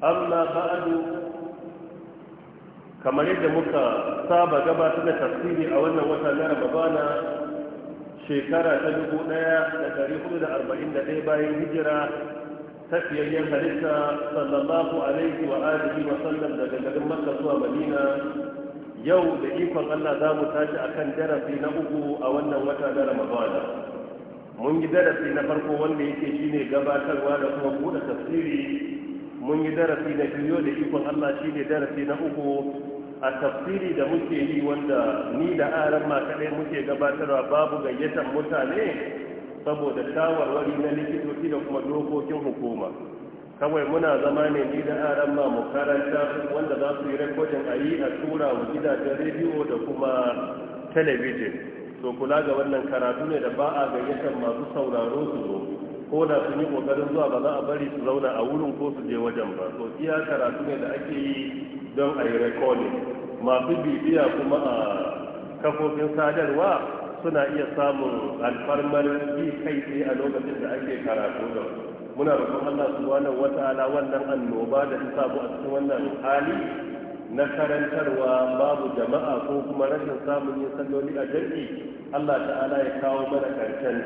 amma ba'adu kamar yadda muka saba gabatar da tafsiri a wannan wata na ramadana shekara ta 1441 bayan hijira tafiyayyen halitta sallallahu alaihi wa alihi wa sallam daga garin makka zuwa madina yau da ikon allah za mu tashi akan darasi na uku a wannan wata na ramadana mun yi darasi na farko wanda yake shine gabatarwa da kuma buɗe tafsiri mun yi darasi na biyu da ikon Allah shi ne darasi na uku a tafsiri da muke yi wanda ni da aran ma kaɗai muke gabatarwa babu gayyatar mutane saboda shawarwari na likitoci da kuma dokokin hukuma kawai muna zama ne ni da aran ma mu karanta wanda za su yi rekodin a yi a tura wa gidajen rediyo da kuma talabijin to kula ga wannan karatu ne da ba a gayyatar masu sauraro su zo ko da sun yi kokarin zuwa ba za a bari su zauna a wurin ko su je wajen ba so iya karatu ne da ake yi don a yi recording masu bibiya kuma a kafofin sadarwa suna iya samun alfarmar yi kai tsaye a lokacin da ake karatu da muna roƙon Allah subhanahu wata'ala wannan annoba da ta samu a cikin wannan hali na karantarwa babu jama'a ko kuma rashin samun yin salloli a jami'i Allah ta'ala ya kawo mana karshen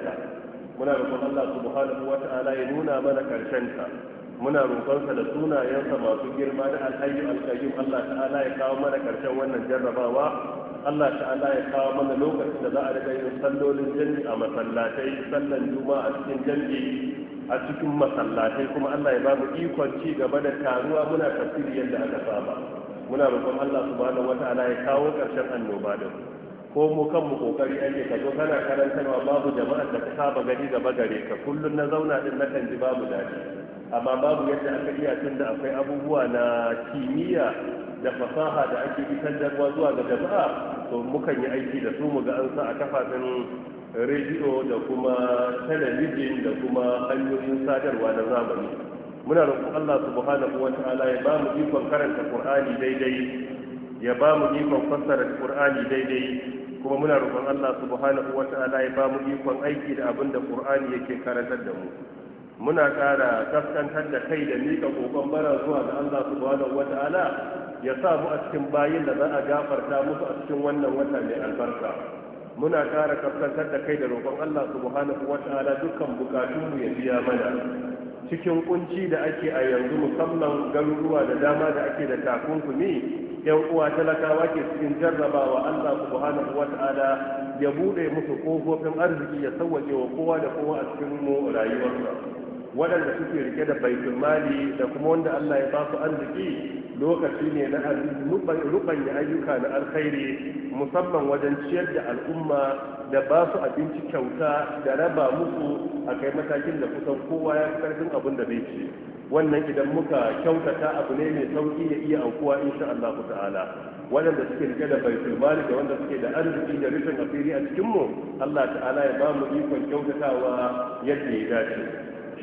muna roƙon Allah subhanahu wa ta'ala ya nuna mana karshen sa. muna sa da sunayensa masu girma da alhayyu alkayyum Allah ta'ala ya kawo mana karshen wannan jarrabawa Allah ta'ala ya kawo mana lokacin da za a riga yin sallolin jami'i a masallatai sallan juma'a a cikin jami'i a cikin masallatai kuma Allah ya ba mu ikon ci gaba da taruwa muna tafsiri yadda aka saba muna roƙon Allah subhanahu wata'ala ya kawo karshen annoba din ko mu kan mu kokari ake ka zo kana karantarwa babu jama'a da ka saba gani gaba gare ka kullun na zauna din na kan ji babu daɗi amma babu yadda aka iya tun da akwai abubuwa na kimiyya da fasaha da ake fitarwa zuwa ga jama'a to mukan yi aiki da su mu ga an sa a kafafen rediyo da kuma talabijin da kuma hanyoyin sadarwa na zamani muna roƙon Allah subhanahu wataala ya ba mu ikon karanta Qur'ani daidai ya ba mu ikon fassara Qur'ani daidai kuma muna roƙon Allah subhanahu ta'ala ya ba mu ikon aiki da abin da Qur'ani yake karantar da mu muna ƙara kaskantar da kai da mika kokon bara zuwa ga Allah subhanahu ta'ala ya sa mu a cikin bayin da za a gafarta musu a cikin wannan wata mai albarka muna ƙara kaskantar da kai da roƙon Allah subhanahu ta'ala dukkan mu ya biya mana cikin kunci da ake a yanzu musamman garuruwa da dama da ake da takunkumi yan uwa talakawa ke cikin jarrabawa Allah subhanahu ta'ala ya bude musu kofofin arziki ya sauwake wa kowa da kowa a cikin mu rayuwarsa waɗanda suke rike da baitul mali da kuma wanda Allah ya ba su arziki lokaci ne na rubanya ayyuka na alkhairi musamman wajen ciyar da al'umma da ba su abinci kyauta da raba musu a kai matakin da kusan kowa ya fi karfin abin da bai ci wannan idan muka kyautata abu ne mai sauki ya iya aukuwa insha Allah ta'ala waɗanda suke rike da baitul mali da wanda suke da arziki da rufin asiri a cikin mu Allah ta'ala ya ba mu ikon kyautatawa yadda ya dace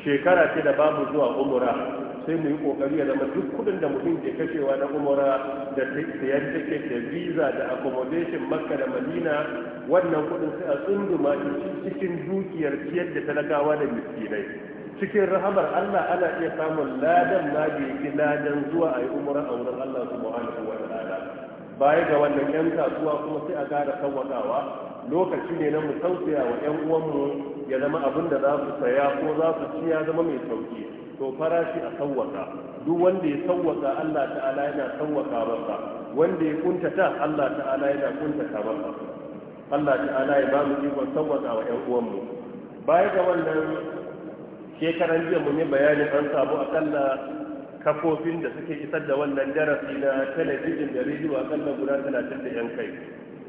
shekara ce da babu zuwa umura sai mu yi kokari ya zama duk kudin da mutum ke kashewa na umura da sayan ticket da visa da accommodation makka da madina wannan kudin sai a tsunduma cikin dukiyar ciyar da talakawa da miskinai cikin rahamar Allah ana iya samun ladan na da ladan zuwa a yi umarar a wurin Allah subhanahu wa ta'ala baya ga wannan yan kasuwa kuma sai a gara sawwakawa lokaci ne na mu tausaya wa yan uwanmu ya zama abin da za su saya ko za su ci ya zama mai sauki to farashi a sawwaka duk wanda ya sawwaka Allah ta'ala yana sawwaka masa wanda ya kuntata Allah ta'ala yana kuntata masa Allah ta'ala ya ba mu ikon sawwaka wa yan uwanmu baya ga wannan shekaran jiya mun yi bayanin an samu akalla kafofin da suke isar da wannan darasi na talabijin da rediyo akalla guda talatin da yan kai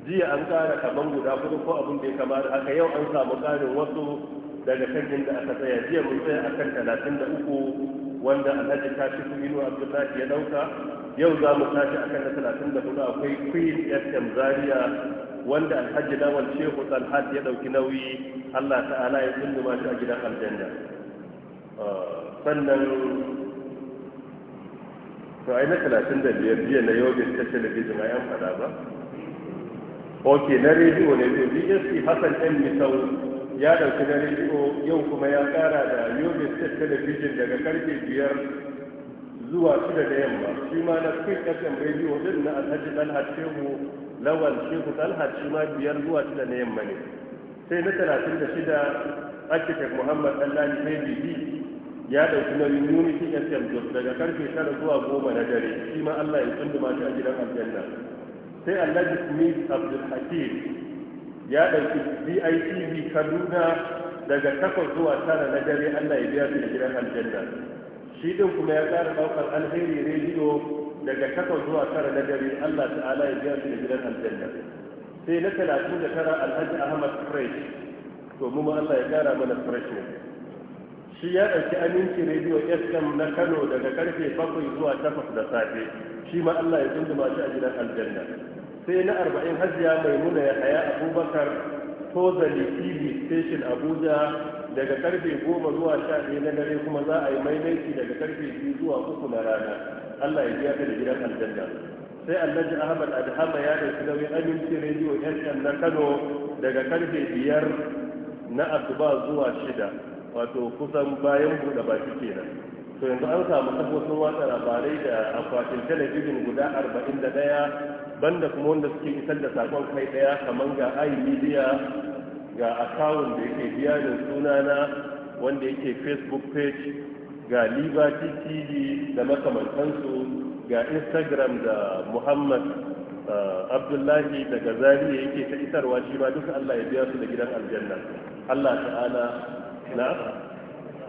jiya an kara kaman guda kudu ko abin da ya kamata aka yau an samu karin wasu daga kan da aka tsaya jiya mun tsaya akan talatin da uku wanda alhaji kashi kuminu abdullahi ya dauka yau za mu tashi akan na talatin da akwai queen fm zaria wanda alhaji lawal shehu talhat ya dauki nauyi allah ta'ala ya ma shi a gidan aljanna sannan to ai na talatin da biyar jiya na yogin ta talabijin a yan fada ba ok na rediyo ne to bsc hassan ɗan misau ya ɗauki na rediyo yau kuma ya kara da yogin ta talabijin daga karfe biyar zuwa shida da yamma shi ma na kai kasan rediyo din na alhaji ɗalhat shehu lawan shehu ɗalhat shi ma biyar zuwa shida na yamma ne sai na talatin da shida architect muhammad ɗan bibi. ya ɗauki nauyin unity fm jos daga karfe tara zuwa goma na dare shi ma allah ya tsunduma shi a gidan aljanna sai alhaji smith abdul hakim ya ɗauki bitv kaduna daga takwas zuwa tara na dare allah ya biya su da gidan aljanna shi ɗin kuma ya ƙara ɗaukar alheri rediyo daga takwas zuwa tara na dare allah ta'ala ya biya su da gidan aljanna sai na talatin da tara alhaji ahmad fresh to mu ma allah ya ƙara mana fresh ne shi ya ɗauki aminci rediyo fm na kano daga karfe bakwai zuwa takwas da safe shi ma allah ya tunduma shi a gidan aljanna sai na arba'in hajiya mai nuna ya haya abubakar tozali tv station abuja daga karfe goma zuwa sha ɗaya na dare kuma za a yi maimaiti daga karfe biyu zuwa uku na rana allah ya biya ka da gidan aljanna sai alhaji ahmad adhama ya ɗauki nauyin aminci rediyo fm na kano daga karfe biyar na asuba zuwa shida wato kusan bayan buɗe baki kenan to yanzu an samu kafofin watsa labarai da akwatin talabijin guda arba'in da ɗaya banda kuma wanda suke isar da saƙon kai ɗaya kamar ga ai media ga akawun da yake biyanin sunana wanda yake facebook page ga liberty tv da makamantansu ga instagram da muhammad uh, abdullahi daga zariya yake ta isarwa shi ma duka allah ya biya su da gidan aljanna allah ta'ala na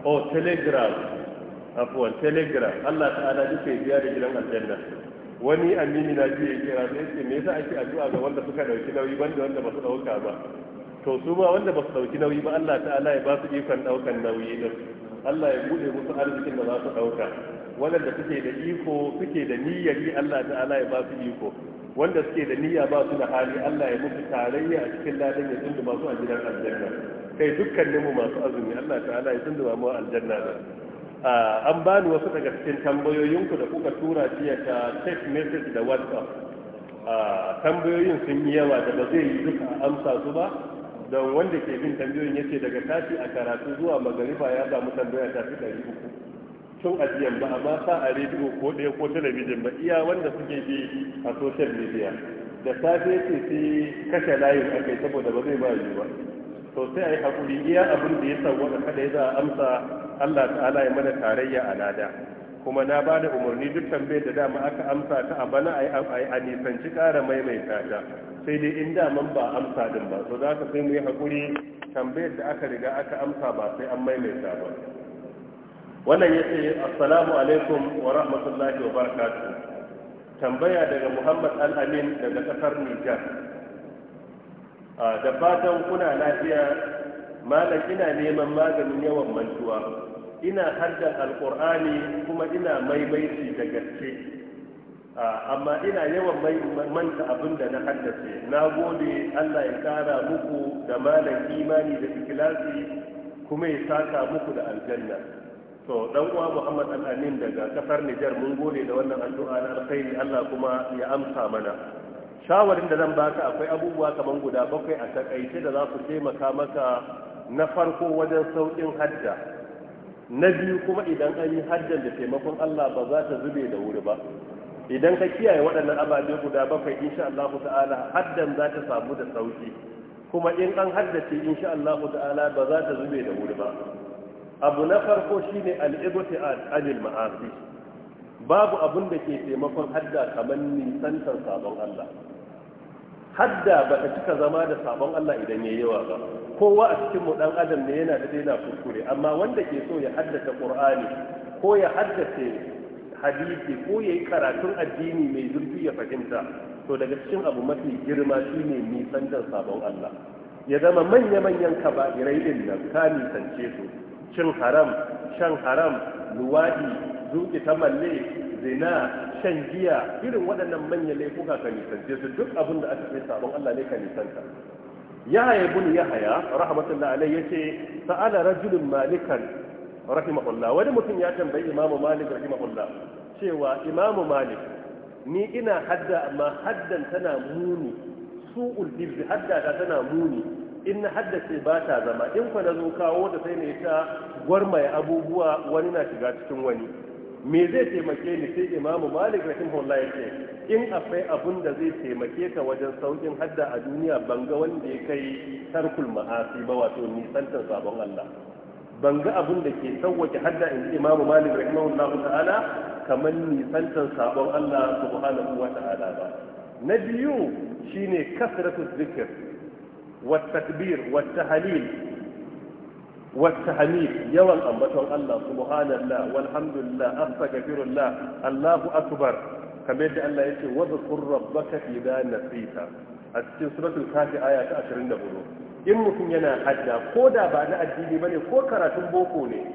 oh telegram afuwan telegram Allah ta'ala duka ya biya da gidan aljanna wani amini na ji ya kira sai ce me yasa ake addu'a ga wanda suka dauki nauyi banda wanda ba su dauka ba to su ma wanda ba su dauki nauyi ba Allah ta'ala ya ba su ikon daukan nauyi din Allah ya bude musu arzikin da za su dauka wanda suke da iko suke da niyyar Allah ta'ala ya ba su iko wanda suke da niyya ba su da hali Allah ya musu tarayya a cikin ladan ya tunda ba su a gidan aljanna kai dukkaninmu masu azumi Allah ta'ala ya tunda mu aljanna da an bani wasu daga cikin tambayoyinku da kuka tura jiya ta text message da whatsapp tambayoyin sun yi yawa da ba zai yi duka amsa su ba don wanda ke bin tambayoyin yace daga tashi a karatu zuwa Magarifa ya samu tambaya ta fi ɗari uku tun ajiyan ba amma sa a rediyo ko ɗaya ko talabijin ba iya wanda suke bi a social media da safe ce sai kashe layin akai saboda ba zai ba yi ba to sai a yi haƙuri iya abin da ya sauwa da kada ya za a amsa Allah ta'ala ya mana tarayya a lada kuma na ba da umarni duk tambayar da dama aka amsa ta a bana a nisanci ƙara maimaita ta sai dai in daman ba amsa din ba so za ka sai mu yi haƙuri tambayar da aka riga aka amsa ba sai an maimaita ba wannan ya ce assalamu alaikum wa rahmatullahi wa barakatuh tambaya daga muhammad al-amin daga ƙasar nijar da fatan kuna lafiya malam ina neman maganin yawan mantuwa ina hadda alkur'ani kuma ina maimaici da gaske amma ina yawan manta abin da na haddace na gode allah ya kara muku da malam imani da ikilasi kuma ya saka muku da aljanna to dan uwa muhammad al'amin daga kasar nijar mun gode da wannan addu'a na alkhairi allah kuma ya amsa mana shawarin da zan baka akwai abubuwa kaman guda bakwai a takaice da za su taimaka maka na farko wajen sauƙin hajja na biyu kuma idan an yi hajjan da taimakon Allah ba za ta zube da wuri ba idan ka kiyaye waɗannan ababe guda bakwai insha Allah ta'ala haddan za ta samu da sauki kuma in an haddace insha Allah ta'ala ba za ta zube da wuri ba abu na farko shine al-ibtiad anil ma'asi babu abun da ke taimakon hadda kamar nisantar sabon Allah hadda ba ta cika zama da sabon Allah idan ya yawa ba kowa a cikin mu dan adam ne yana da daina kuskure amma wanda ke so ya haddace qur'ani ko ya haddace hadisi ko ya yi karatun addini mai zurfi ya fahimta to daga cikin abu mafi girma shine nisantar sabon Allah ya zama manya-manyan kaba'irai din nan ka nisance su cin haram shan haram luwadi zuki ta malle zina shan giya irin waɗannan manyan laifuka ka nisance su duk abin da aka ce sabon Allah ne ka nisanta yahaya haya yahaya rahmatullahi ya yace sa'ala rajulun malikan rahimahullah wani mutum ya tambayi imamu malik rahimahullah cewa imamu malik ni ina hadda amma haddan tana muni su'ul hibzi hadda ta tana muni in na haddace ba ta zama in kwa na zo kawo da sai ne ta gwarmaye abubuwa wani na shiga cikin wani me zai taimake ni sai imamu malik rahimahullah ya ce in akwai abun da zai taimake ka wajen saukin hadda a duniya ban ga wanda ya kai tarkul ma'asi ba wato nisantar sabon Allah ban ga abun da ke sauwake hadda in imamu malik rahimahullah ta'ala kamar nisantar sabon Allah subhanahu wa ta'ala ba na biyu shine kasratu zikr wa takbir wa tahlil والتحميد يوم أنبتهم الله سبحان الله والحمد لله أستغفر الله الله أكبر كما يدعي الله يقول واذكر ربك إذا نسيت أتسين سورة الكافي آية 24 in mutum yana hadda ko da ba na addini ne ko karatun boko ne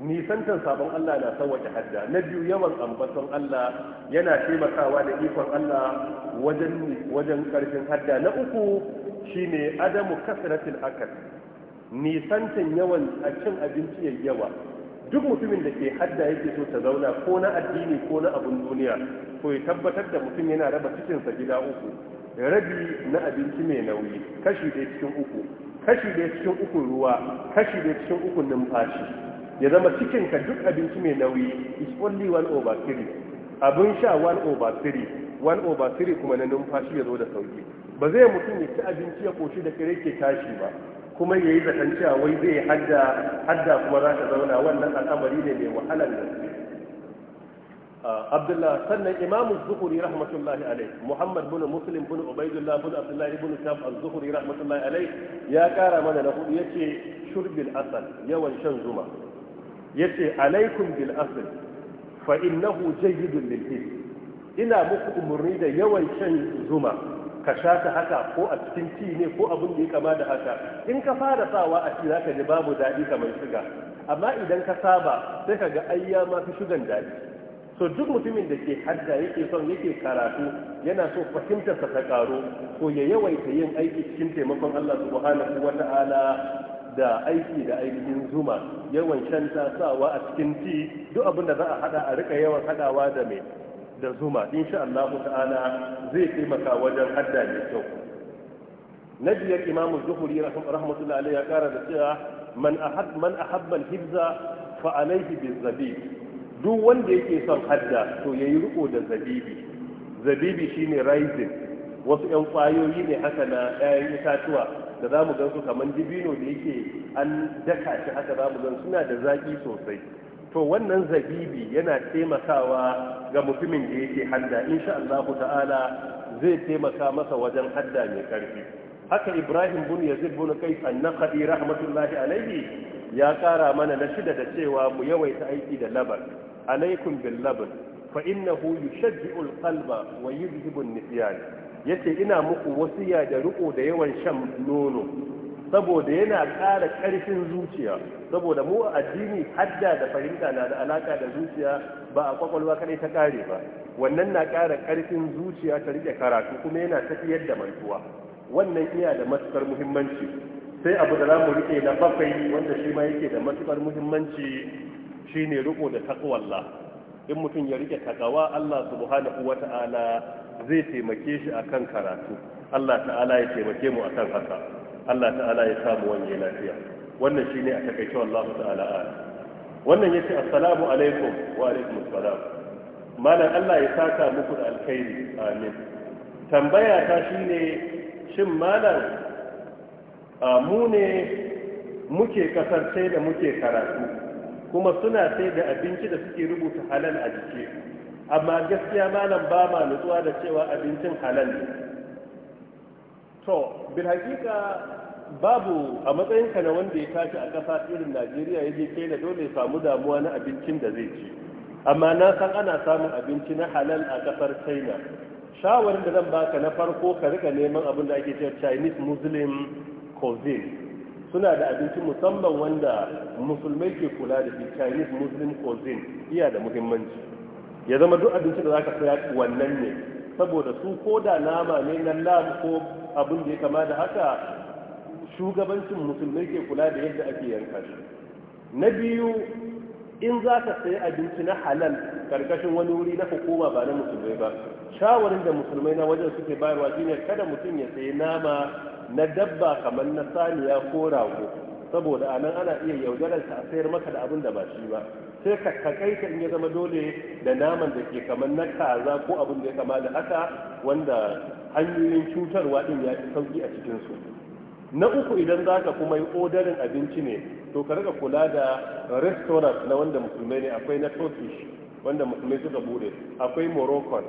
nisantan sabon Allah na sauwake hadda na biyu yawan ambaton Allah yana taimakawa da ikon Allah wajen wajen karfin hadda na uku shine adamu kasratil akal nisantan yawan a cin abinci yayi yawa duk mutumin da ke hadda yake so ta zauna ko na addini ko na abun duniya ko ya tabbatar da mutum yana raba cikinsa gida uku rabi na abinci mai nauyi kashi ɗaya cikin uku kashi ɗaya cikin uku ruwa kashi ɗaya cikin uku numfashi ya zama cikinka duk abinci mai nauyi is only one over three abin sha one over three one over three kuma na numfashi ya zo da sauki ba zai mutum ya ci abinci ya koshi da kare ke tashi ba kuma ya yi zaton cewa wai zai hadda hadda kuma za ta zauna wannan al'amari ne mai wahalar gaske ah, abdullah sannan Imam imamu zuhuri rahmatullahi alai muhammad bin muslim bin ubaidullah bin abdullahi bin shaf az-zuhuri rahmatullahi alai ya kara mana na hudu yace shurbil asal yawan shan zuma yace alaikum bil asal fa innahu jayyidun lil ina muku umurni da yawan shan zuma ka sha ta haka ko a cikin ci ne ko abin da ya kama da haka in ka fara sawa a ci zaka ji babu daɗi kamar suga amma idan ka saba sai ka ga ayya ma fi sugan daɗi so duk mutumin da ke hadda yake son yake karatu yana so fahimtar sa ta karo ko ya yawaita yin aiki cikin taimakon Allah subhanahu wata'ala da aiki da ainihin zuma yawan shanta sawa a cikin ci duk abin da za a hada a rika yawan hadawa da mai da zuma insha Allah ta'ala zai taimaka wajen hadda mai kyau na biyar imamu zuhuri rahmatullahi alaihi ya kara da cewa man ahab man hibza fa alaihi bizabi duk wanda yake son hadda to yayi riko da zabibi zabibi shine rising wasu yan kwayoyi ne haka na 'ya'yan itatuwa da za mu gansu kamar dibino da yake an daka shi haka zamu mu gan suna da zaki sosai to wannan zabibi yana taimakawa ga mutumin da yake hadda insha allahu ta'ala zai taimaka masa wajen hadda mai karfi haka Ibrahim bin Yazid bin Qais an-Naqdi rahmatullahi alaihi ya kara mana na shida da cewa mu yawaita aiki da laban alaikum bil laban fa innahu yushajji'u al-qalba wa yudhibu an-nisyan yace ina muku wasiya da riko da yawan shan nono saboda yana ƙara ƙarfin zuciya saboda mu addini hadda da fahimta na da alaka da zuciya ba a kwakwalwa kaɗai ta ƙare ba wannan na ƙara ƙarfin zuciya ta rike karatu kuma yana tafiyar da mantuwa wannan iya da matukar muhimmanci sai abu da zamu rike na bakwai wanda shi ma yake da matukar muhimmanci shine riko da taqwallah in mutum ya rike takawa Allah subhanahu Ta'ala zai taimake shi akan karatu Allah ta'ala ya taimake mu akan haka Allah ta'ala ya samu wanye lafiya wannan shi ne a takaice Allah ta'ala ala wannan yace assalamu alaikum wa alaikum assalam malam Allah ya saka muku da alkhairi amin tambaya ta shine shin malam mu ne muke kasar sai da muke karatu kuma suna sai da abinci da suke rubuta halal a jiki amma gaskiya malam ba ma nutsuwa da cewa abincin halal ne to bil hakika babu a matsayinka na wanda ya tashi a ƙasa irin najeriya ya je da dole ya samu damuwa na abincin da zai ci amma na san ana samun abinci na halal a ƙasar china shawarin da zan baka na farko ka rika neman abin da ake cewa chinese muslim cuisine suna da abinci musamman wanda musulmai ke kula da shi chinese muslim cuisine iya da muhimmanci ya zama duk abincin da zaka saya wannan ne saboda su ko da nama ne na lam ko abin da ya kama da haka shugabancin musulmai ke kula da yadda ake yanka shi na biyu in za ka sayi abinci na halal karkashin wani wuri na hukuma ba na musulmai ba shawarin da musulmai na wajen suke bayarwa shine kada mutum ya sayi nama na dabba kamar na saniya ko rago saboda a nan ana iya yaudararsa a sayar maka da abin da ba shi ba sai ka takaita in ya zama dole da naman da ke kamar na kaza ko abin da ya kama da haka wanda hanyoyin cutarwa din ya fi sauki a cikinsu na uku idan za ka kuma yi odarin abinci ne to ka rika kula da restaurant na wanda musulmai ne akwai na turkish wanda musulmai suka bude akwai moroccan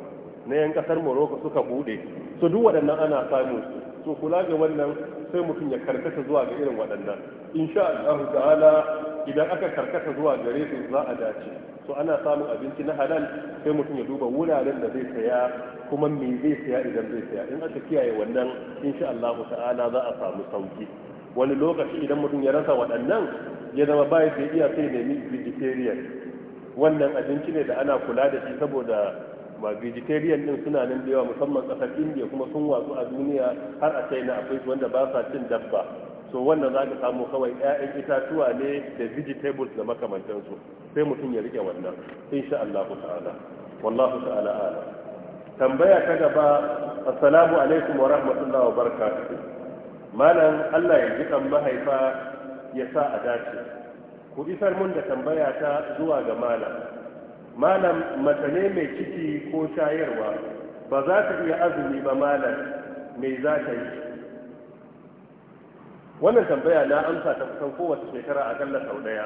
na yan kasar morocco suka bude so duk waɗannan ana samun su kula ga wannan sai mutum ya karkata zuwa ga irin waɗannan sha Allah ta'ala idan aka karkata zuwa gare su za a dace to ana samun abinci na halal sai mutum ya duba wuraren da zai saya kuma me zai saya idan zai saya in aka kiyaye wannan sha Allah ta'ala za a samu sauki wani lokaci idan mutum ya rasa waɗannan ya zama baya sai iya sai nemi vegetarian wannan abinci ne da ana kula da shi saboda ba vegetarian din suna nan da yawa musamman kasar indiya kuma sun watsu a duniya har a china akwai wanda ba sa cin dabba so wannan za ka samu kawai 'ya'yan itatuwa ne da vegetables da makamantansu sai mutum ya rike wannan insha Allah ta'ala wallahu ta'ala ala tambaya ta gaba assalamu alaikum wa rahmatullahi wa barakatuh malam Allah ya ji kan mahaifa ya sa a dace ku isar mun da tambaya ta zuwa ga malam malam mace ne mai ciki ko shayarwa ba za ta iya azumi ba malam me za ta yi wannan tambaya na amsa ta kusan kowace shekara akalla sau daya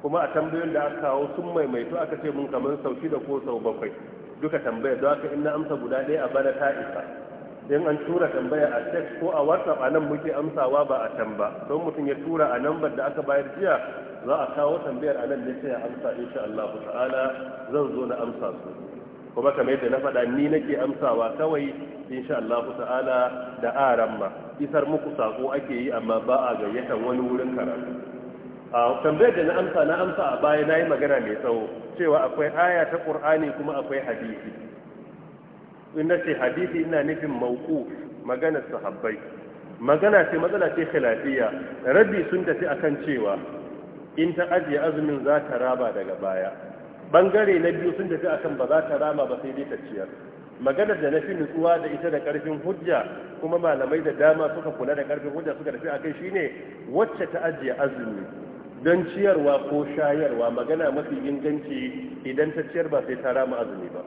kuma a tambayoyin da aka kawo sun maimaito aka ce mun kamar sau shida ko sau bakwai duka tambaya don haka in na amsa guda ɗaya a bana ta isa in an tura tambaya a text ko a whatsapp a nan muke amsawa ba a can ba don mutum ya tura a nan da aka bayar jiya za a kawo tambayar a nan ne sai a amsa insha Allah ta'ala zan zo na amsa su kuma kamar yadda na faɗa ni nake amsawa kawai insha Allah ta'ala da aran ma isar muku sako ake yi amma ba a gayyatan wani wurin karatu a tambayar da na amsa na amsa a baya na yi magana mai tsawo cewa akwai aya ta ƙur'ani kuma akwai hadisi inda ce hadisi ina nufin mauku magana sahabbai magana ce matsala ce khilafiya rabi sun tafi akan cewa in ta ajiye azumin za ta raba daga baya bangare na biyu sun tafi akan ba za ta raba ba sai dai ta ciyar maganar da na fi nutsuwa da ita da karfin hujja kuma malamai da dama suka kula da karfin hujja suka tafi a akai shine wacce ta ajiye azumi don ciyarwa ko shayarwa magana mafi inganci idan ta ciyar ba sai ta rama azumi ba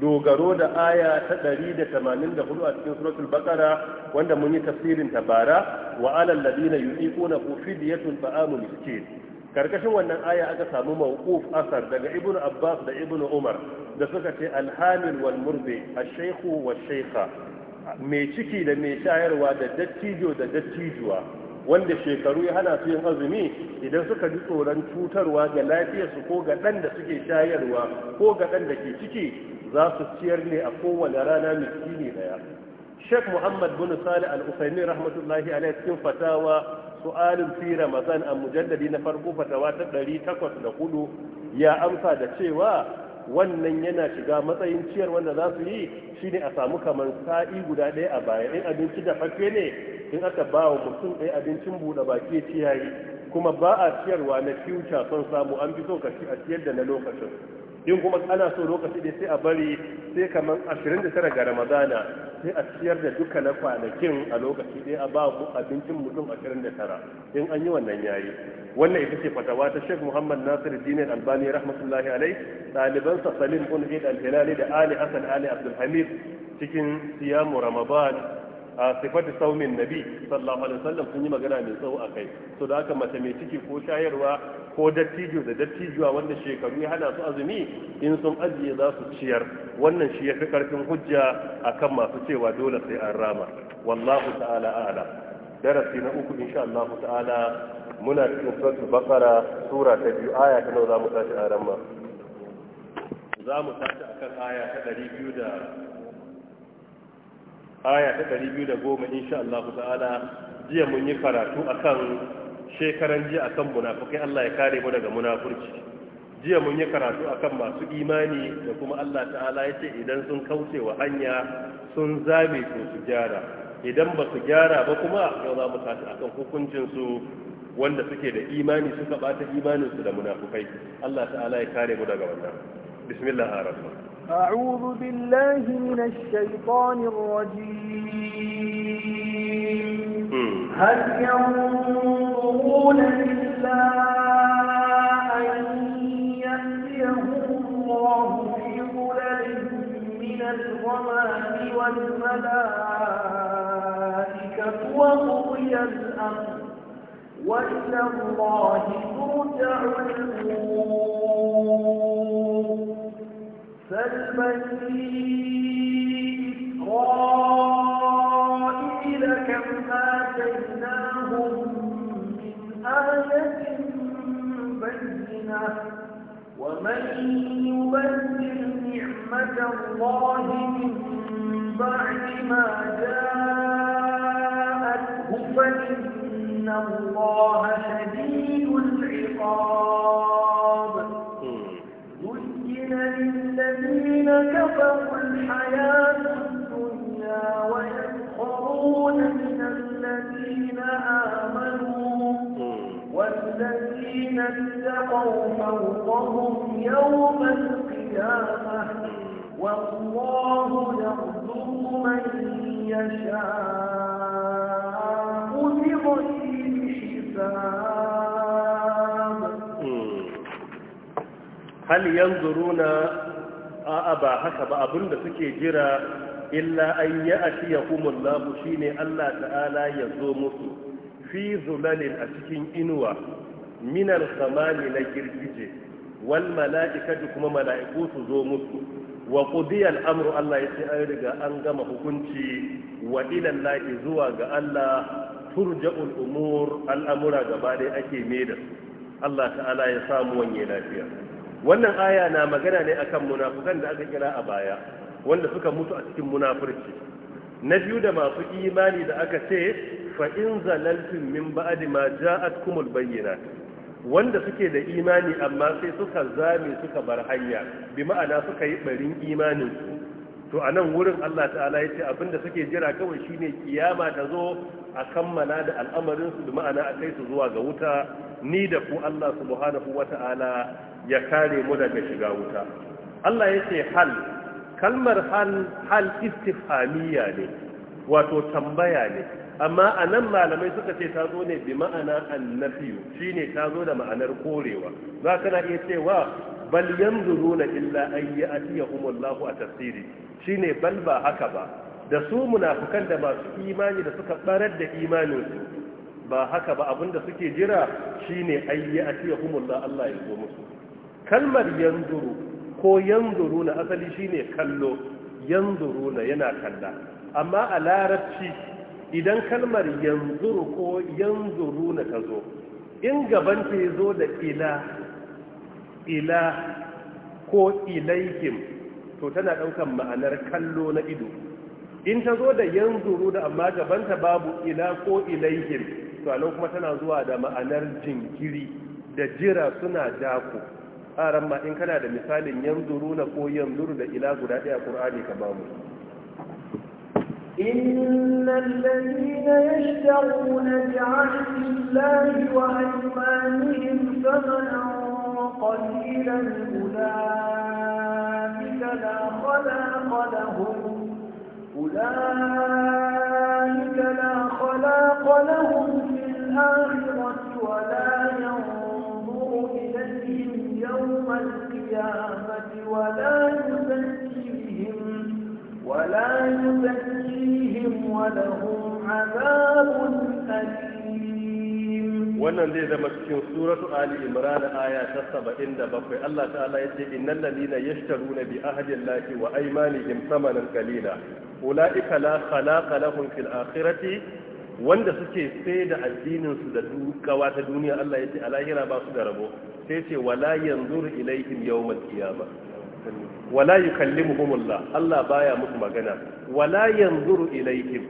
dogaro da aya ta ɗari da hudu a cikin suratul baqara wanda mun yi tafsirin ta bara wa alal ladina yuqiquna fidyatun ta'amu miskin karkashin wannan aya aka samu mawquf asar daga ibnu abbas da ibnu umar da suka ce alhamil wal murbi ash-shaykhu wash-shaykha mai ciki da mai shayarwa da dattijo da dattijuwa wanda shekaru ya hana su yin azumi idan suka ji tsoron cutarwa ga lafiyarsu ko ga dan da suke shayarwa ko ga dan da ke ciki za su ciyar ne a kowane rana miskini daya sheikh muhammad bin salih al-usaini rahmatullahi alaihi cikin fatawa su'alin fi ramadan a mujalladi na farko fatawa ta 804 ya amsa da cewa wannan yana shiga matsayin ciyar wanda za su yi shine a samu kamar sa'i guda ɗaya a baya in abinci da fafe ne in aka ba wa mutum ɗaya abincin buɗe baki ciyayi kuma ba a ciyarwa na future son samu an fi so ka ci a ciyar da na lokacin in kuma ana so lokaci ne sai a bari sai kamar 29 ga ramadana sai a ciyar da duka na kwanakin a lokaci ɗaya a ba abincin mutum 29 in an yi wannan yayi wannan ita ce fatawa ta Sheikh Muhammad Nasir Dinar Albani rahmatullahi alai ɗaliban sa Salim kun al-Hilali da Ali Hassan Ali Abdulhamid cikin siyamu Ramadan a sifatu saumin nabi sallallahu alaihi wasallam sun yi magana mai tsawo a kai to da haka mace mai ciki ko shayarwa ko dattijo da dattijuwa wanda shekaru ya hana su azumi in sun ajiye za su ciyar wannan shi ya fi karfin hujja akan masu cewa dole sai an rama wallahu ta'ala a'lam darasi na uku insha Allah ta'ala muna cikin suratul baqara sura ta biyu aya ta nawa za mu tashi a ramma za mu tashi akan aya ta 200 aya ta ɗari 210 insha Allah ta'ala jiya mun yi karatu akan shekaran jiya akan munafukai, Allah ya kare mu daga munafurci jiya mun yi karatu akan masu imani da kuma Allah ta'ala ya ce idan sun kauce wa hanya sun zame su su gyara idan ba su gyara ba kuma yau za mu tashi akan hukuncin su wanda suke da imani suka bata imaninsu da munafukai Allah ta'ala ya kare mu daga wannan bismillah ar-rahman أعوذ بالله من الشيطان الرجيم هل ينظرون إلا أن ينزيهم الله في ظلل من الغمام والملائكة وقضي الأمر وإلى الله ترجع الأمور سل بني إسرائيل كم آتيناهم من آية بينة ومن يبدل نعمة الله من بعد ما جاءته فإن الله شديد العقاب كفروا الحياة الدنيا ويسخرون من الذين آمنوا والذين اتقوا فوقهم يوم القيامة والله يرزق من يشاء بغير حساب هل ينظرون a'a ba haka ba abinda suke jira illa an ya atiya kumullahu shine Allah ta'ala ya zo musu fi zulalin a cikin inuwa minar samani na girgije wal mala'ikatu kuma mala'iku su zo musu wa qudiya al-amru Allah ya ce an riga an gama hukunci wa ila Allah zuwa ga Allah turja'ul umur al'amura gaba dai ake mai da su Allah ta'ala ya samu wani lafiya wannan aya na magana ne akan munafukan da aka kira a baya wanda suka mutu a cikin munafurci na biyu da masu imani da aka ce fa in zalaltum min ba'di ma ja'atkumul bayyinat wanda suke da imani amma sai suka zame suka bar hanya bi ma'ana suka yi barin imanin su to anan wurin Allah ta'ala ya ce abinda suke jira kawai shine kiyama ta zo a kammala da al'amarin su bi ma'ana a kai su zuwa ga wuta ni da ku Allah subhanahu wata'ala ya kare mu daga shiga wuta Allah ya ce hal kalmar hal hal istifhamiya ne wato tambaya ne amma a nan malamai suka ce ta zo ne bi ma'ana annafiyu shine ta zo da ma'anar korewa za kana iya cewa bal yanzuruna illa an ya'tiyahumullahu a tafsiri shine bal ba haka ba da su munafukan da masu imani da suka barar da imaninsu ba haka ba abinda suke jira shine ayyi atiyahumullah Allah ya zo musu kalmar yanzuru ko yanzuru na asali shine kallo yanzuru yana kalla amma a larabci idan kalmar yanzuru ko yanzuru na ta zo in gaban ta zo da ila ila ko ilaikim to tana daukan ma'anar kallo na ido in ta zo da yanzuru da amma gabanta babu ila ko ilaihim to nan kuma tana zuwa da ma'anar jinkiri da jira suna dako aran ma in kana da misalin yanzuru na ko yanzuru da ila guda daya qur'ani ka ba mu إن الذين يشترون بعهد wa وأيمانهم ثمنا قليلا أولئك لا خلاق لهم أولئك خلاق لهم الآخرة ولا ينظر إليهم يوم القيامة ولا يزكيهم ولا يزكيهم ولهم عذاب أليم wannan zai zama cikin suratu ali imran aya ta 77 Allah ta'ala yace innal ladina yashtaruna bi ahdi allahi wa aymanihim thamanan qalila ulaika la khalaqa lahum fil akhirati wanda suke sai da addininsu da dukawa ta duniya Allah ya ce a lahira ba su da rabo sai ce wala yanzur ilaihim yawmal qiyamah wala yukallimuhumullah Allah baya musu magana wala yanzur ilaihim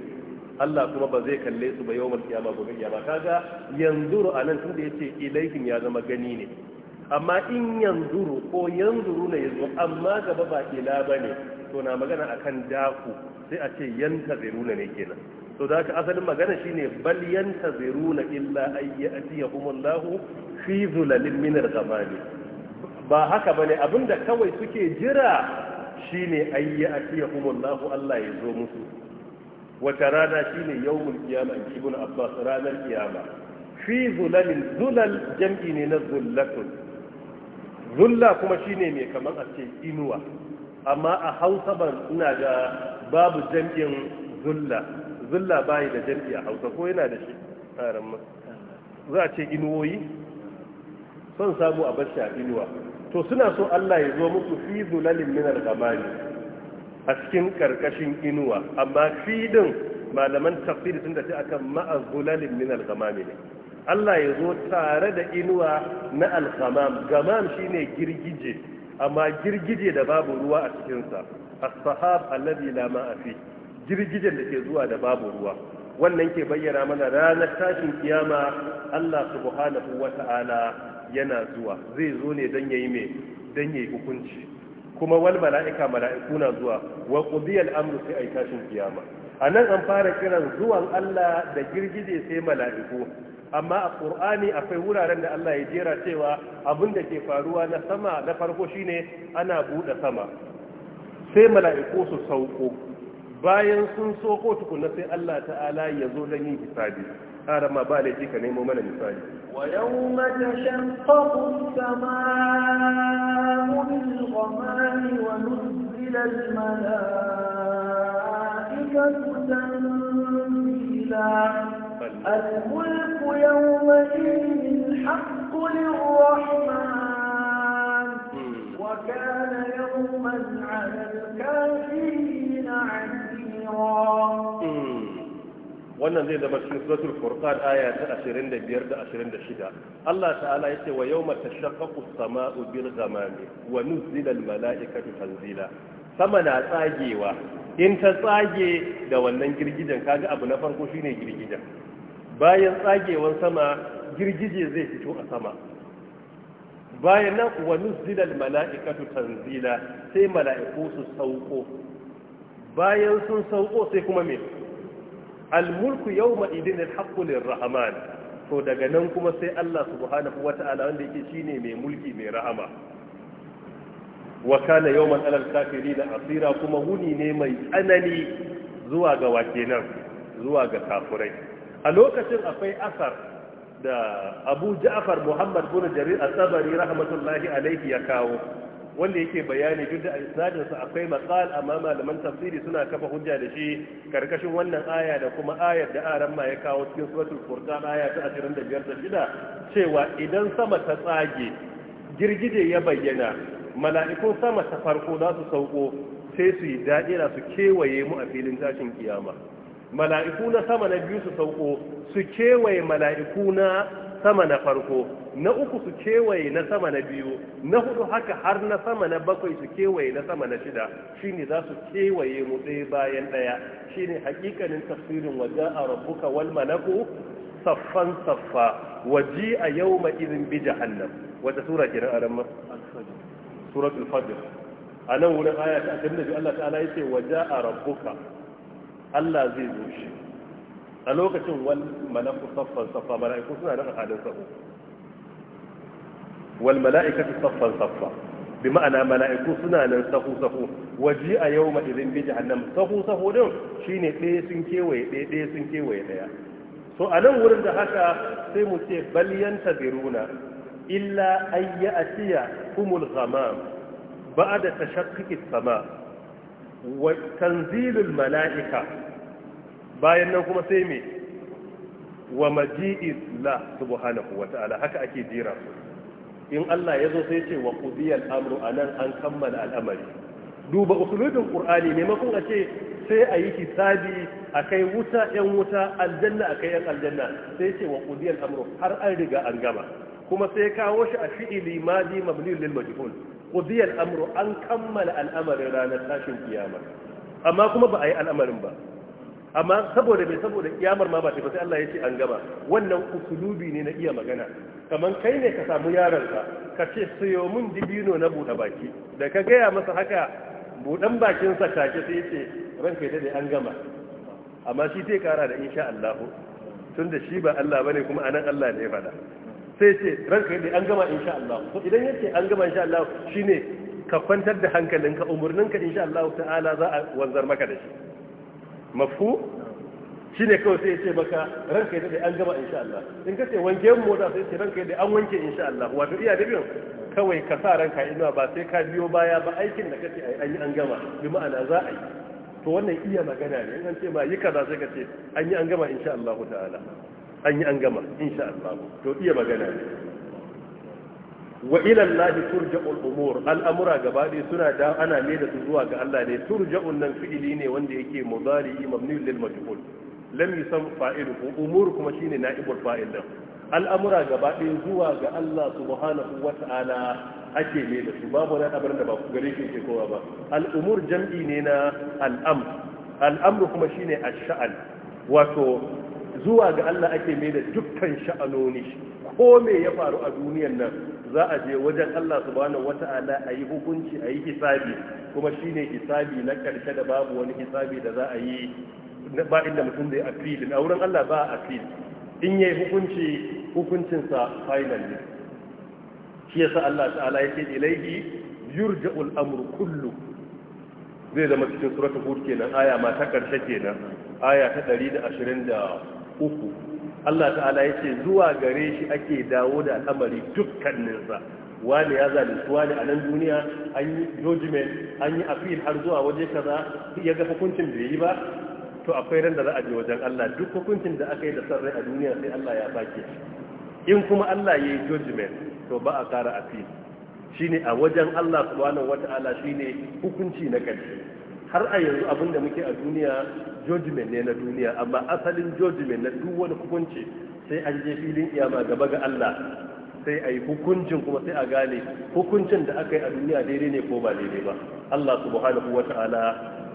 Allah kuma ba zai kalle su ba yawmal qiyamah gobe kiyama kaga yanzuru anan tunda da yace ilaihim ya zama gani ne amma in yanzuru ko yanzuru ne yanzu amma gaba ba ila bane to na magana akan daku sai a ce yantaziruna ne kenan to da haka asalin magana shine bal yantaziruna illa ayyatiyahumullahu fi zulalin min al ba haka bane abinda kawai suke jira shine ayyatiyahumullahu Allah ya zo musu wata rana shine yawmul qiyamah ibn abbas ranar qiyama fi zulalin zulal jam'i ne na zullatun zulla kuma shine mai kaman a ce inuwa amma a hausa ban ina ga babu jam'in zulla zulla bayi da jar'i a hausa ko yana da shi a za a ce inuwoyi son samu a bashi a inuwa to suna so Allah ya zo muku fi zulalin min al a cikin karkashin inuwa amma fi din malaman tafsiri sun tafi akan ma'a zulalin min al ne Allah ya zo tare da inuwa na al-ghamam gamam shine girgije amma girgije da babu ruwa a cikinsa. sa as-sahab alladhi la ma'a fihi girgijen da ke zuwa da babu ruwa wannan ke bayyana mana ranar tashin kiyama Allah subhanahu wata'ala yana zuwa zai zo ne don yayi mai don yayi hukunci kuma wal mala'ika mala'iku na zuwa wa qudiyal amru sai ai tashin kiyama anan an fara kiran zuwan Allah da girgije sai mala'iku amma a ƙur'ani akwai wuraren da Allah ya jera cewa abin da ke faruwa na sama na farko shine ana buɗe sama sai mala'iku su sauko bayan sun soko tukunna sai Allah ta'ala ya zo don yin hisabi ƙara ma ba laifi ka nemo mana misali ويوم تشقق السماء بالغمام ونزل الملائكة تنزيلا الملك يومئذ الحق للرحمن وكان يوما على الكافرين Hmm. wannan zai zama cikin suratul furqan aya ta 25 da 26 Allah ta'ala yace wa yawma tashaqqaqu as-sama'u bil ghamami wa nuzila al-mala'ikatu tanzila sama na tsagewa in ta tsage da wannan girgijen kaga abu na farko shine girgijen bayan tsagewan sama girgije zai fito a sama bayan nan wa nuzila al-mala'ikatu tanzila sai mala'iku su sauko bayan sun sauko sai kuma me almulku yawma idin alhaqqu lirrahman to daga nan kuma sai Allah subhanahu wata'ala wanda yake shine mai mulki mai rahama wa kana yawman alal kafirin asira kuma wuni ne mai tsanani zuwa ga wakenan zuwa ga kafirai a lokacin akwai asar da Abu Ja'far Muhammad bin Jarir As-Sabari rahmatullahi alayhi ya kawo wanda yake bayani duk da isnadin sa akwai maqal amma malaman tafsiri suna kafa hujja da shi karkashin wannan aya da kuma ayar da aran ma ya kawo cikin suratul furqan aya ta 25 da shida cewa idan sama ta tsage girgije ya bayyana mala'ikun sama ta farko za su sauko sai su yi da'ira su kewaye mu a filin tashin kiyama mala'iku na sama na biyu su sauko su kewaye mala'iku na sama na farko na uku su kewaye na sama na biyu na hudu haka har na sama na bakwai su kewaye na sama na shida shine za su kewaye mu ɗaya bayan ɗaya shine hakikanin tafsirin waje a rabbuka wal malaku saffan saffa waji a yau ma izin bi jahannam wata sura kenan a ramar suratul fadil a nan wurin aya ta 22 Allah ta'ala yace waja a rabbuka Allah zai zo shi a lokacin wal malaku saffan saffa mala'iku suna nan a halin sahu wal mala'ikatu saffan saffa bi ma'ana mala'iku suna nan sahu sahu waji a yau irin bi jahannam sahu sahu din shine ɗaya sun kewaye ɗaya ɗaya sun kewaye ɗaya so a nan wurin da haka sai mu ce balyan tabiruna illa ayya atiya humul ghamam ba'da tashaqqi sama wa tanzilul mala'ika bayan nan kuma sai me wa maji'is la subhanahu wa ta'ala haka ake jira su in Allah ya zo sai ce wa qudiyal amru anan an kammala al'amari duba usulubin qur'ani maimakon a ce sai a yi hisabi a kai wuta yan wuta aljanna a kai yan aljanna sai ce wa qudiyal amru har an riga an gama kuma sai kawo shi a fi'ili madi mabni lil majhul qudiyal amru an kammala al'amarin ranar tashin kiyama amma kuma ba a yi al'amarin ba amma saboda mai saboda kiyamar ma ba ta sai Allah ya ce an gama wannan usulubi ne na iya magana kamar kai ne ka samu yaranka ka ce sayo mun dibino na buɗe baki da ka gaya masa haka buɗan bakinsa take sai ya ce kai dai an gama amma shi zai kara da insha Allah tun da shi ba Allah bane kuma anan Allah ne ya faɗa sai ce kai dai an gama insha Allah to idan yace an gama insha Allah shine ka kwantar da hankalinka umurninka insha Allah ta'ala za a wanzar maka da shi mafu shi ne kawai sai ya ce baka ranka yadda an gama insha Allah in ka ce wanke mota sai ce ranka yadda an wanke insha Allah wato iya da biyan kawai ka sa ranka inuwa ba sai ka biyo baya ba aikin da kace ai an yi an gama bi ma'ana za a yi to wannan iya magana ne in an ce ba yi kaza sai ka ce an yi an gama insha Allah ta'ala an yi an gama insha Allah to iya magana ne wa ila Allah turja'ul umur al'amura gabaɗaya suna da ana mai da su zuwa ga Allah ne turja'un nan fi'ili ne wanda yake mudari mabni lil majhul lam yusam fa'iluhu umur kuma shine na'ibul fa'il din al'amura gabaɗaya zuwa ga Allah subhanahu ta'ala ake mai da su babu wani abin da ba ku gare shi ke kowa ba al'umur jam'i ne na al'amr al'amru kuma shine ash-sha'an wato zuwa ga Allah ake mai da dukkan sha'anoni ko me ya faru a duniyar nan za a je wajen Allah subhanahu wata'ala a yi hukunci a yi hisabi kuma shi ne hisabi na karshe da babu wani hisabi da za a yi ba inda mutum zai afili a wurin Allah ba a appeal in yi hukunci hukuncinsa final ne shi yasa Allah ta'ala yake ilaihi yurja'ul amru kullu zai zama cikin suratul hud kenan aya ma ta karshe kenan aya ta 123 Allah ta'ala ya ce zuwa gare shi ake dawo da al'amari dukkaninsa wani ya su wani a nan duniya an yi judgment an yi afil har zuwa waje kaza ya ga hukuncin bai yi ba to akwai ran da za a je wajen Allah duk hukuncin da aka yi da sarrai a duniya sai Allah ya sake in kuma Allah ya yi judgment to ba a kara afil shine a wajen Allah subhanahu wata'ala shine hukunci na karshe har a yanzu abin da muke a duniya judgment ne na duniya amma asalin judgment na duk wani hukunci sai an je filin iyama gaba ga Allah sai a yi hukuncin kuma sai a gane hukuncin da aka yi a duniya daidai ne ko ba daidai ba Allah subhanahu wa ta'ala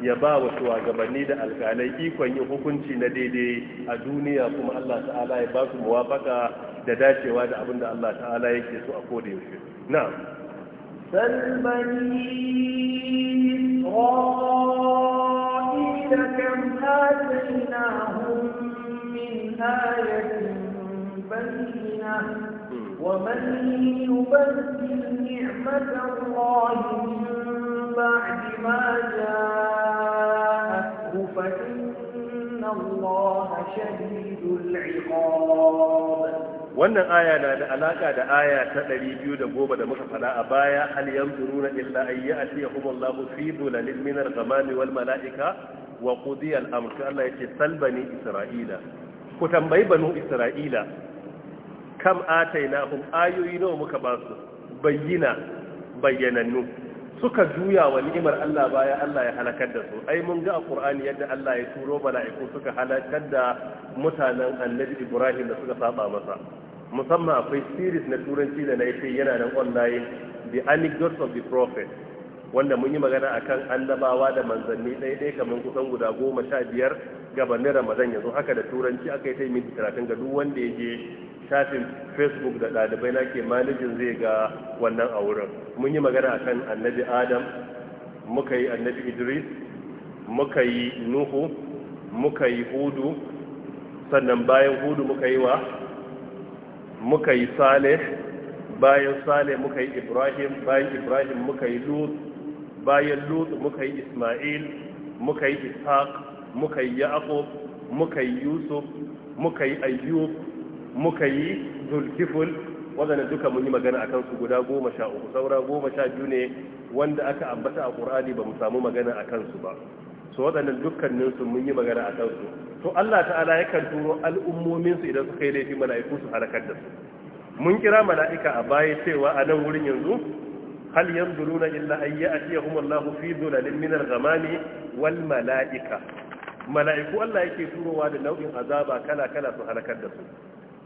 ya ba wa shugabanni da alƙalai ikon yin hukunci na daidai a duniya kuma Allah ta'ala ya ba su muwafaka da dacewa da abin da Allah ta'ala yake so a koda yaushe na'am بل بني إسرائيل كم آتيناهم من آية بينة ومن يبدل نعمة الله من بعد ما جاءته فإن الله شديد العقاب wannan aya na da alaka da aya ta 210 da muka fada a baya hal yanzuruna illa an ya'tiyahumullahu fi dhulalin min al-ghamami wal mala'ika wa qudiya al-amr Allah yace salbani isra'ila ku tambayi banu isra'ila kam atainahum ayoyi nawa muka ba su bayyana bayyanannu suka juya wa ni'imar Allah baya Allah ya halakar da su ai mun ga a Qur'ani yadda Allah ya turo mala'iku suka halakar da mutanen Annabi Ibrahim da suka saba masa musamman akwai series na turanci da na yi yana nan online the anecdotes of the prophet wanda mun yi magana akan annabawa da manzanni ɗaya kamar kusan guda goma sha biyar gabanin ramadan yanzu haka da turanci aka yi ta minti talatin ga duk wanda ya je shafin facebook da ɗalibai na ke manajin zai ga wannan a wurin mun yi magana akan annabi adam muka yi annabi idris muka yi nuhu muka yi hudu sannan bayan hudu muka yi wa muka yi salih bayan salih muka yi ibrahim bayan ibrahim muka yi lut bayan lut muka yi isma'il muka yi ishaq muka yi yaqub muka yi yusuf muka yi ayyub muka yi zulkiful waɗanda duka mun yi magana akan su guda goma sha uku saura goma sha biyu ne wanda aka ambata a ƙur'ani ba mu samu magana akan su ba su waɗannan dukkanin su mun yi magana a kansu to Allah ta'ala yakan turo al'ummomin su idan suka yi laifi mala'iku su halakar da su mun kira mala'ika a baya cewa a nan wurin yanzu hal yanzuruna illa an ya'tiyahum Allah fi dhulalin min al-ghamami wal mala'ika mala'iku Allah yake turowa da nau'in azaba kala kala su halakar da su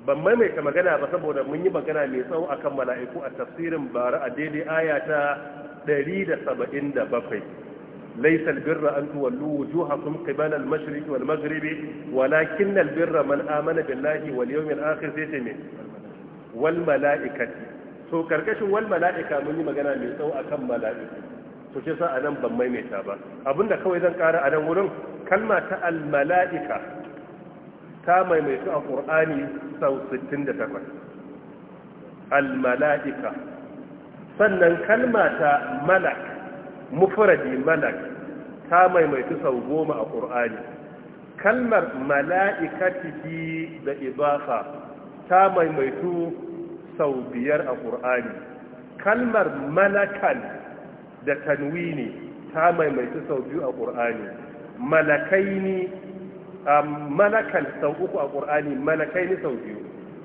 ban maimaita magana ba saboda mun yi magana mai tsawo akan mala'iku a tafsirin bara a daidai aya ta 177 ليس البر أن تولوا وجوهكم قبل المشرق والمغرب ولكن البر من آمن بالله واليوم الآخر زي والملائكة so karkashin wal mun yi magana mai tsawo akan mala'iku to shi sa anan ban maimaita ba abinda kawai zan kara a nan wurin kalma ta al ta maimaitu a sau sannan kalmata malak mufradi malak ta maimaitu sau goma a ƙur'ani kalmar bi da ibafa ta maimaitu sau biyar a ƙur'ani kalmar malakan da tanwini ta maimaitu sau biyu a ƙur'ani malakaini malakan sau uku a ƙur'ani malakaini sau biyu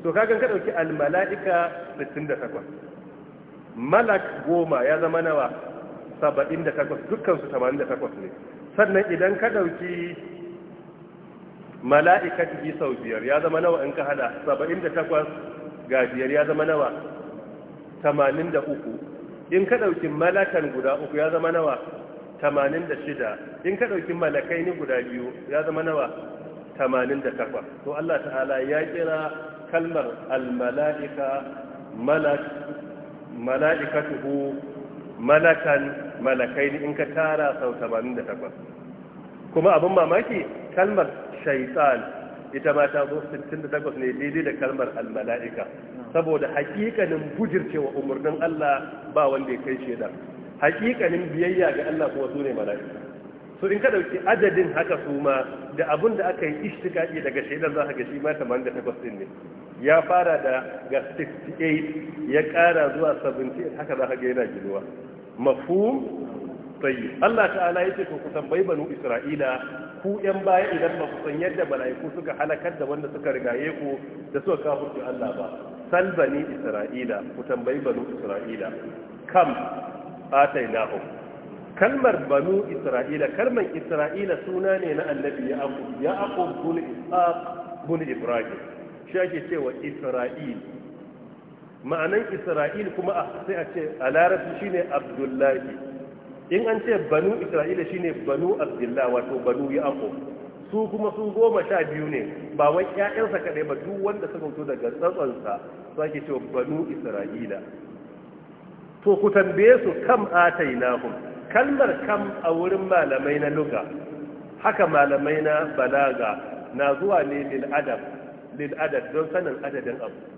to kagan ka ɗauki almala'ika 68 malak goma ya zama nawa saba'in da tamanin dukkansu takwas ne sannan idan ka ɗauki mala'ikatihi sau biyar ya zama nawa in ka hada takwas ga biyar ya zama nawa Tamanin da uku, in ka ɗauki malakan guda uku ya zama nawa Tamanin da shida, in ka ɗauki malakai ni guda biyu ya zama nawa Tamanin da takwas. to Allah ta'ala ya kira kalmar al-mala'ika malak mala'ikatuhu malakan malakai in ka tara sau 88 kuma abin mamaki kalmar shaitan ita ma ta zo 68 ne daidai da kalmar almala'ika saboda hakikanin bujircewa umarnin Allah ba wanda ya kai shaidan hakikanin biyayya ga Allah kuma su ne mala'ika so in ka dauki adadin haka su ma da abin da aka yi ishtikaki daga shaidar za ka ga shi ma 88 ne ya fara da ga 68 ya kara zuwa 78 haka za ka ga yana ginuwa mafhum tayyib Allah ta'ala yace ko ku tambayi banu Isra'ila ku yan baya idan ba ku san yadda malaiku suka halakar da wanda suka rigaye ku da suka kafirce Allah ba sal bani Isra'ila ku tambayi banu Isra'ila kam atainahum kalmar banu Isra'ila kalmar Isra'ila suna ne na annabi ya Yaqub bin Ishaq Ibrahim shi ake cewa Isra'il ma'anan isra'il kuma a sai a ce a larabci shine abdullahi in an ce banu isra'ila shine banu abdullahi wato banu yaqub su kuma su goma sha biyu ne ba wai ƴaƴansa kaɗai ba duk wanda suka fito daga tsatsonsa su ake cewa banu isra'ila to ku tambaye su kam atainahum kalmar kam a wurin malamai na luga haka malamai na balaga na zuwa ne lil adab lil adad don sanin adadin abu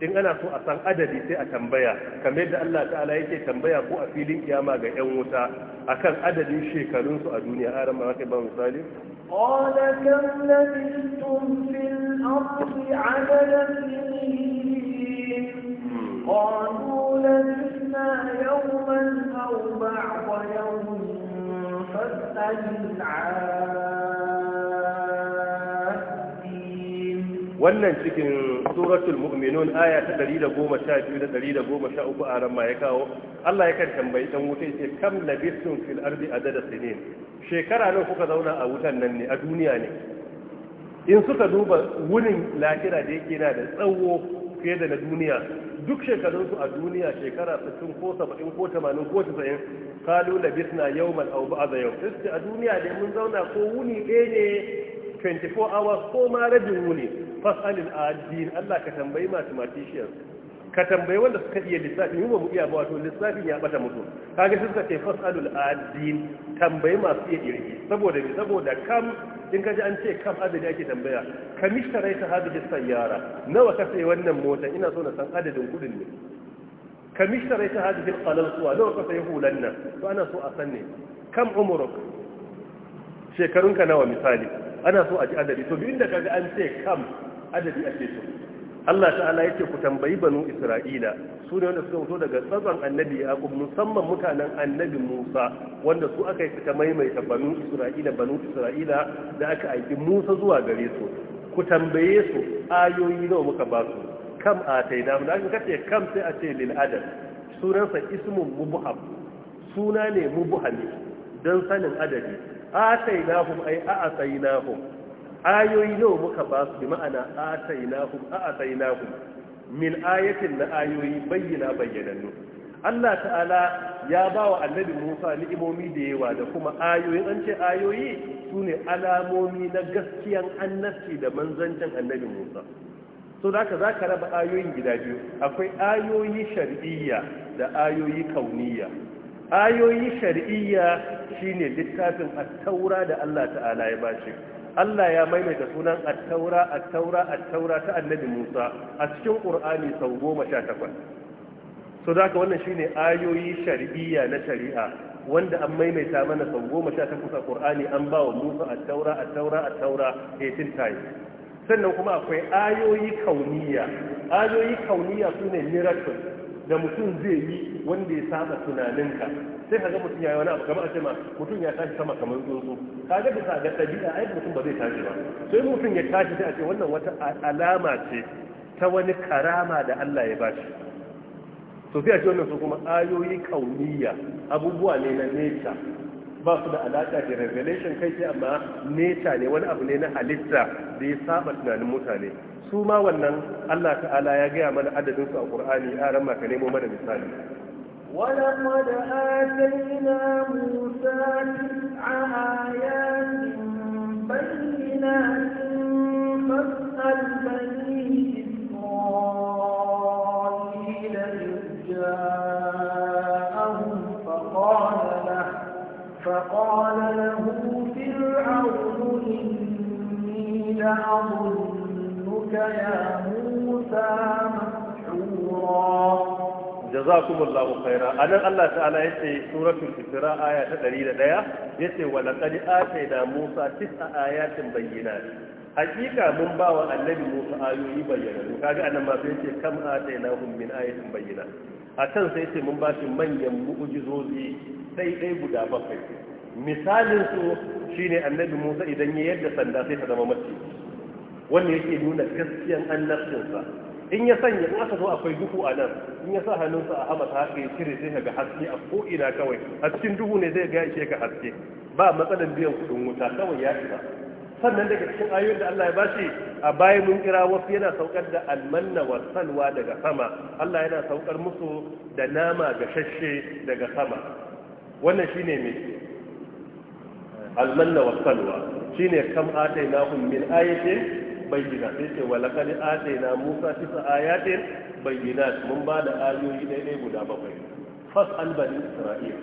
in ana so a san adadi sai a tambaya kamar yadda Allah ta'ala yake tambaya ko a filin kiyama ga yan wuta akan adadin shekarun su a duniya a ma kai ba misali qala kam labistum fil ardi qalu labisna yawman aw yawmin wannan cikin suratul mu'minun aya ta 112 da 113 a ran ma ya kawo Allah ya kan tambayi dan wuta ce kam labistum fil ardi adada sinin shekara nawa kuka zauna a wutan nan ne a duniya ne in suka duba wurin lahira da yake na da tsawo fiye da na duniya duk shekarun su a duniya shekara 60 ko 70 ko 80 ko 90 kalu labisna yawman aw ba'da yawm sai a duniya dai mun zauna ko wuni ɗaya ne 24 hours ko ma rabin wuni fasalin adin Allah ka tambayi mathematicians ka tambayi wanda suka iya lissafi mu ba mu iya ba wato lissafin ya bata mutu kage sai suka ce fas'alul adin tambayi masu iya dirki saboda me saboda kam in kaje an ce kam adadi ake tambaya kamishtarai ta hadhihi sayyara nawa ka sai wannan mota ina so na san adadin kudin ne kamishtarai ta qalal suwa nawa ka sai hulan nan to ana so a san ne kam umuruk shekarunka nawa misali ana so a ji adadi to duk inda kaga an ce kam adadi ake so Allah ta'ala yake ku tambayi banu Isra'ila su ne wanda suka fito daga tsazon annabi Yaqub musamman mutanen annabi Musa wanda su aka yi ta maimaita banu Isra'ila banu Isra'ila da aka aiki Musa zuwa gare su ku tambaye su ayoyi nawa muka ba su kam a tai da aka ce kam sai a ce lil adad sa ismu mubham suna ne mubhami dan sanin adadi A atainahum ay a'tainahum ayoyi nawa muka ba su bi ma'ana atainahum a'atainahum min ayatin na ayoyi bayyana bayyanannu Allah ta'ala ya ba wa annabi Musa ni'imomi da yawa da kuma ayoyi an ce ayoyi sune alamomi na gaskiyan annabci da manzancin annabi Musa so da za ka raba ayoyin gida biyu akwai ayoyi shar'iyya da ayoyi kauniyya ayoyi shar'iyya shine littafin at-taura da Allah ta'ala ya bashi Allah ya maimaita sunan attaura attaura attaura ta annabi Musa a cikin Qur'ani sau goma sha takwas so wannan shine ayoyi shar'iyya na shari'a wanda an maimaita mana sau goma sha a Qur'ani an ba wa Musa attaura attaura attaura 18 times sannan kuma akwai ayoyi kauniya ayoyi kauniya sune miracle da mutum zai yi wanda ya saba tunaninka sai ka ga mutum ya yi wani abu kamar a ce mutum ya tashi sama kamar tsuntsu ka ga bisa ga ɗabi'a ai mutum ba zai tashi ba sai mutum ya tashi sai a ce wannan wata alama ce ta wani karama da Allah ya bashi to sai a ce wannan su kuma ayoyi kauniya abubuwa ne na nature ba su da alaƙa da revelation kai ce amma nature ne wani abu ne na halitta da ya saba tunanin mutane su ma wannan Allah ta'ala ya gaya mana adadin su a Qur'ani a ran maka nemo mana misali ولقد آتينا موسى تسع آيات بينات فاسأل بني إسرائيل إذ جاءهم فقال له فقال له فرعون إني لأظنك يا موسى مسحورا jazakumullahu khaira anan Allah ta'ala yace suratul isra aya ta 101 yace wa laqad ataina musa tis'a ayatin bayyinat hakika mun ba wa annabi musa ayoyi bayyana kaga anan ma sai yace kam atainahum min ayatin bayyana a can sai yace mun ba shi manyan mu'jizozi dai dai guda bakwai misalin su shine annabi musa idan ya yadda sanda sai ta zama mace wannan yake nuna gaskiyan annabcinsa in ya sanya in aka zo akwai duhu a nan in ya sa hannunsa a hamata haka ya cire sai ga haske a ko'ina kawai a cikin duhu ne zai ga ishe ka haske ba matsalar biyan kuɗin wuta kawai ya isa sannan daga cikin ayoyin da Allah ya bashi a bayan mun kira wasu yana saukar da almanna wa salwa daga sama Allah yana saukar musu da nama gasasshe daga sama wannan shine me almanna wa salwa shine kam atainahum min ayatin bayyana sai ce walakad na musa tisa ayatin bayyana mun ba da ayoyi daidai guda bakwai fas albani isra'il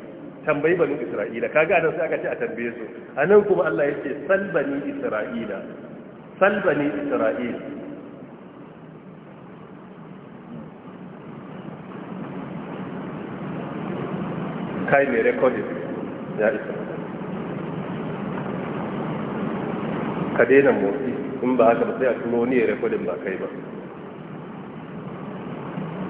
tambayi bani isra'ila ka gada sai aka ce a tambaye su nan kuma Allah ya sal bani isra'ila sal bani isra'il kai mai rekodin ya isa ka daina motsi in ba haka ba sai a turo wani ya rekodin ba kai ba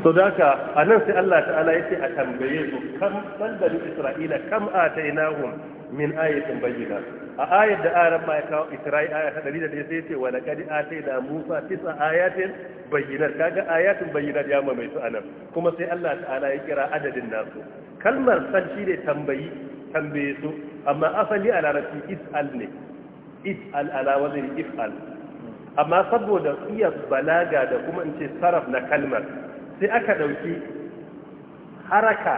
so da haka a nan sai Allah ta'ala ya ce a tambaye su kam bani isra'ila kam a tainahum min ayatin bayyana a ayat da aran ma ya kawo isra'i aya ta da sai ce wa laqad atayna musa tisa ayatin bayyana. kaga ayatin bayyinat ya mai anan kuma sai Allah ta'ala ya kira adadin nasu kalmar san shi ne tambayi tambaye su amma asali a larabci is'al ne is'al ala wazir if'al amma saboda iya balaga da kuma in ce saraf na kalmar sai aka ɗauki haraka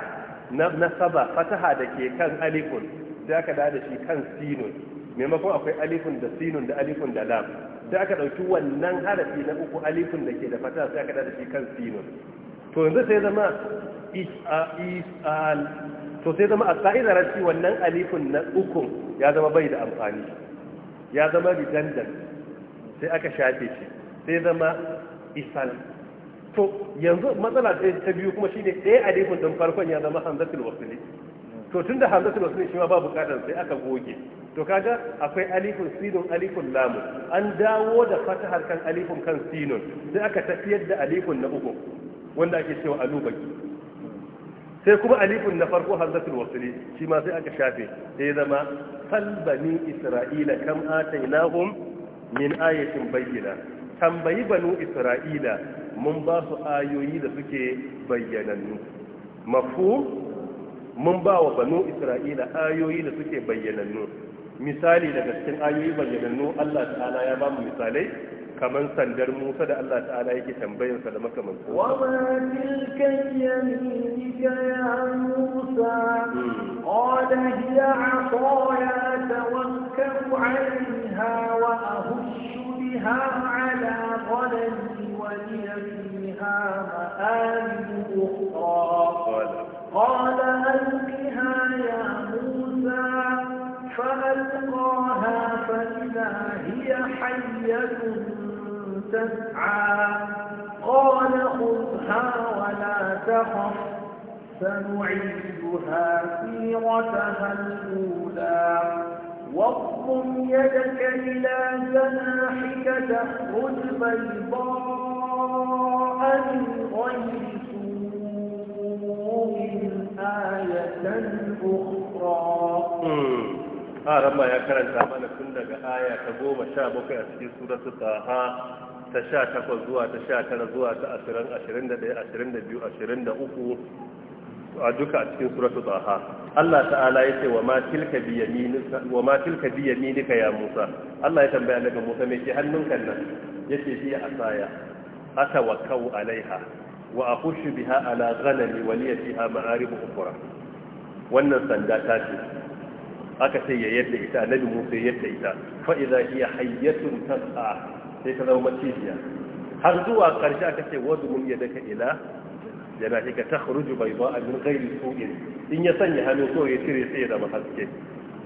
na nasaba fataha da ke kan alifun sai aka da da shi kan sinun maimakon akwai alifun da sinun da alifun da lam sai aka ɗauki wannan harafi na uku alifun da ke da fataha sai aka da da shi kan sinun to yanzu sai zama is'al to sai zama a sa'idarar shi wannan alifun na ukun ya zama bai da amfani ya zama redundant sai aka shafe shi sai zama isal to yanzu matsala ta biyu kuma shine ɗaya alifin din farkon ya zama hamzatul wasli to tunda hamzatul wasli shi ma ba bukatar sai aka goge to kaga akwai alifun sinon alifun lamu an dawo da fatahar kan alifun kan sinun sai aka tafiyar da alifun na uku wanda ake cewa alubaki sai kuma alifun na farko hamzatul wasli shi ma sai aka shafe sai zama salbani isra'ila kam atainahum min ayatin bayyana tambayi banu isra'ila mun ba su ayoyi da suke bayyanannu mafu mun ba wa banu isra'ila ayoyi da suke bayyanannu misali daga cikin ayoyi bayyanannu Allah ta'ala ya ba mu misalai kamar sandar Musa da Allah ta'ala yake tambayar sa da makamansu wa ma tilka yaminika ya Musa hmm. qala hiya 'asaya tawakkalu 'alayha فيها وأهش بها على غلبي ولي فيها مآل أخرى قال ألقها يا موسى فألقاها فإذا هي حية تسعى قال خذها ولا تخف سنعيدها سيرتها الأولى واضم يدك إلى جناحك تأخذ بيضاء من غير سوء آية أخرى haram ya karanta mana tun daga aya ta goma sha bakwai a cikin suratu taha ta sha takwas zuwa ta sha tara zuwa ta ashirin ashirin da ɗaya ashirin da biyu ashirin da uku a duka a cikin suratu tsaha Allah ta'ala ya ce wa ma tilka bi yaminika ya Musa Allah ya tambaya daga Musa mai ke hannunka nan yace fi asaya atawakkau alaiha wa akhushu biha ala ghanami wa liya fiha ma'arib ukhra wannan sanda ta ce aka ce ya yadda ita annabi Musa ya yadda ita fa idza hiya hayyatun tas'a sai ta zama macijiya har zuwa karshe aka ce wadu mun yadaka ila janahika bai ba min ghairi su'in in ya sanya hannu so ya cire sai ya zama haske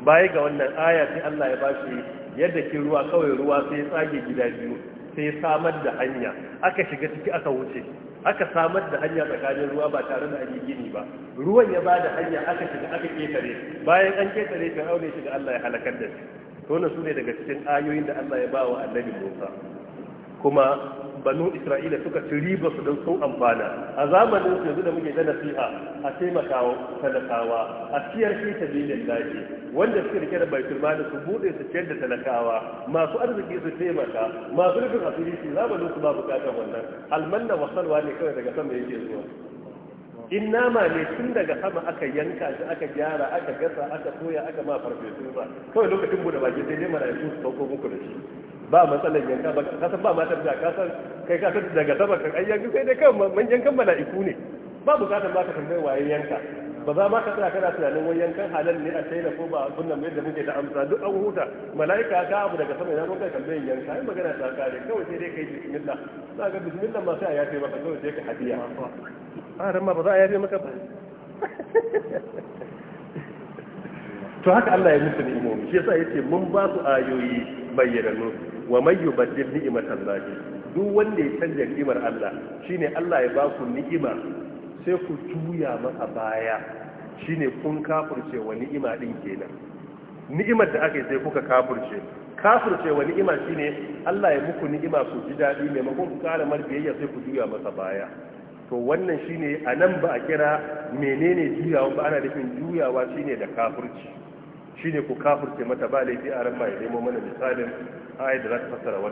baya ga wannan aya sai Allah ya bashi yadda ke ruwa kawai ruwa sai ya tsage gida biyu sai ya samar da hanya aka shiga ciki aka wuce aka samar da hanya tsakanin ruwa ba tare da an gini ba ruwan ya bada da hanya aka shiga aka ketare bayan an ketare ka aure shi Allah ya halakar da shi to ne su ne daga cikin ayoyin da Allah ya ba wa annabi Musa kuma banu isra'ila suka ci riba su don sun amfana a zamanin su yanzu da muke da nasiha a taimaka wa talakawa a ciyar shi ta bilin wanda suke rike da baitul mali su bude su ciyar da talakawa masu arziki su taimaka masu rufin asiri su zamanin su ba bukatar wannan almanna wasalwa ne kawai daga sama yake zuwa in nama ne tun daga sama aka yanka shi aka gyara aka gasa aka soya aka ma farfesu ba kawai lokacin bude baki sai dai marayu su sauko muku da shi ba matsalar yanka ba ka san ba matar da ka san kai ka san daga sama kan ai yanka sai dai kan manyan kan mala'iku ne ba bukatar ba ka tambaye waye yanka ba za ma ka tsaya kana tunanin wani yankan halal ne a shaida ko ba a abun mai da muke da amsa duk an huta mala'ika ka abu daga sama ya zo kai tambayin yanka ai magana ta kare kawai sai dai kai bismillah za ka bismillah ma sai a yafe maka kawai sai ka hadiya a ran ma ba za a yafe maka ba to haka Allah ya musu imomi shi yasa yace mun ba su ayoyi bayyana musu wa man yubaddil ni'imar lahi duk wanda ya canja ni'imar Allah shine Allah ya ba ku ni'ima sai ku juya masa baya shine kun kafirce wa ni'ima din kenan ni'imar da aka yi sai kuka kafirce kafirce wa ni'ima shine Allah ya muku ni'ima ku ji daɗi maimakon ku kara biyayya sai ku juya masa baya to wannan shine a nan ba a kira menene juyawa ba ana nufin juyawa shine da kafirci shine ku kafurce mata ba laifi a ran ba ya nemo mana misalin ayat da فترة ta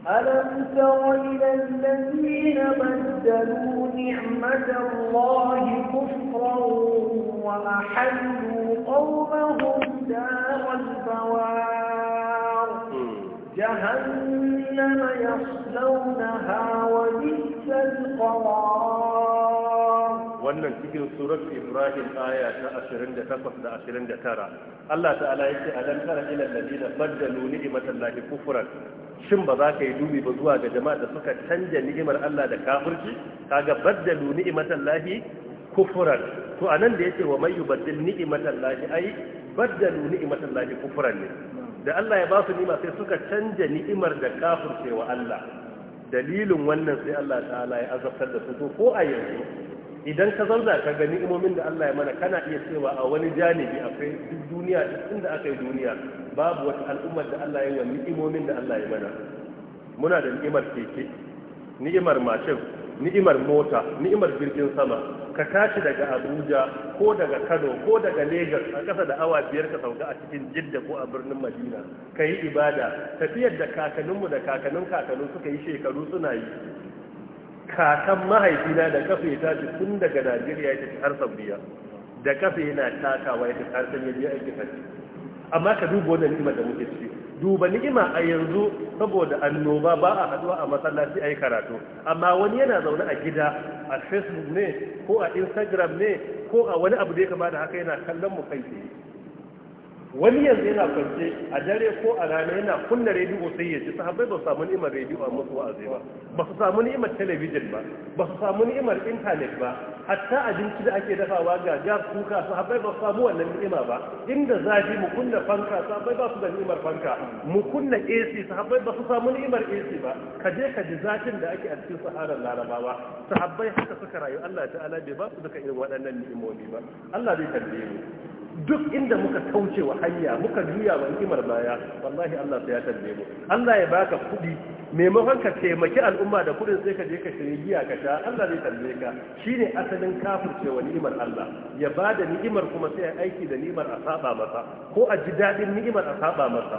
ألم تر إلى الذين بدلوا نعمة الله كفرا وأحلوا قومهم دار البوار جهنم يصلونها وبئس القرار wannan cikin surar ibrahim aya ta 28 da 29 Allah ta'ala yake alam tara ila nuni, baddalu ni'matallahi kufran shin ba za ka yi dubi ba zuwa ga jama'a da suka canja ni'imar Allah da kafirci kaga baddalu ni'matallahi kufran to anan da yake wa may yubaddil ni'matallahi ai baddalu ni'matallahi kufran ne da Allah ya ba su ni'ima sai suka canja ni'imar da wa Allah dalilin wannan sai Allah ta'ala ya azabtar da su ko a yanzu idan ka zauna ka ga ni'imomin da Allah ya mana kana iya cewa a wani janibi akwai duk duniya duk inda aka yi duniya babu wata al'ummar da Allah ya yi wa da Allah ya mana muna da ni'imar keke ni'imar mashin ni'imar mota ni'imar jirgin sama ka tashi daga abuja ko daga kano ko daga lagos a kasa da awa biyar ka sauka a cikin jidda ko a birnin madina ka yi ibada tafiyar da kakanninmu da kakannin kakannin suka yi shekaru suna yi kakan mahaifina da kafa ya tashi tun daga najeriya ya tafi har saudiya da kafa yana takawa ya tafi har san ya je hajji amma ka duba wannan ni'ima da muke ciki duba ni'ima a yanzu saboda annoba ba a haduwa a masallaci ai karatu amma wani yana zaune a gida a facebook ne ko a instagram ne ko a wani abu da ya kamata da haka yana kallon mu kai tsaye wani yanzu yana kwance a dare ko a rana yana kunna rediyo sai ya ji sahabbai ba su samu ni'imar rediyo a musu wa'azi ba ba su samu ni'imar talabijin ba ba su samu ni'imar intanet ba hatta abinci da ake dafawa ga gas kuka sahabbai ba su samu wannan ni'ima ba inda zafi mu kunna fanka sahabbai ba su da ni'imar fanka mu kunna AC sahabbai ba su samu ni'imar AC ba ka je ka ji zafin da ake a cikin saharar larabawa sahabbai haka suka rayu Allah ta'ala bai ba su duka irin waɗannan ni'imomi ba Allah zai tambaye mu duk inda muka kauce wa hanya muka juya wa ni'imar baya wallahi Allah sai ya tambaye mu Allah ya baka kudi maimakon ka taimaki al'umma da kudin sai ka je ka shirye giya ka sha Allah zai tambaye ka shine asalin wa ni'imar Allah ya bada ni'imar kuma sai ya aiki da ni'imar a saba masa ko a ji dadin ni'imar a saba masa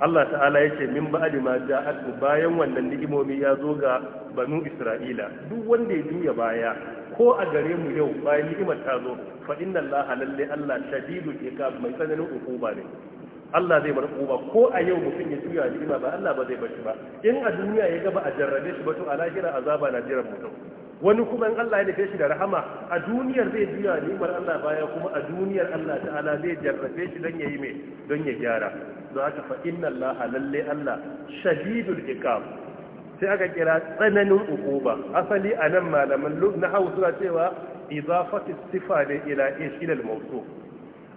Allah ta'ala yake min ba'di ma ja'at bayan wannan ni'imomi ya zo ga banu Isra'ila duk wanda ya juya baya ko a gare mu yau bayan ni'imar ta zo fa inna allaha lalle allah shadidul iqab mai tsananin hukuma ne Allah zai bar uba ko a yau mutum ya juya ni'ima ba Allah ba zai bar shi ba in a duniya ya gaba a jarrabe shi ba to a lahira azaba na jiran mutum wani kuma in Allah ya nufe shi da rahama a duniyar zai juya ni'imar Allah baya kuma a duniyar Allah ta'ala zai jarrafe shi don yayi mai don ya gyara don haka fa inna Allah lalle Allah shadidul iqab sai aka kira tsananin ukuba asali a nan malaman na hau suna cewa idafatu sifa ne ila ishilal mawsu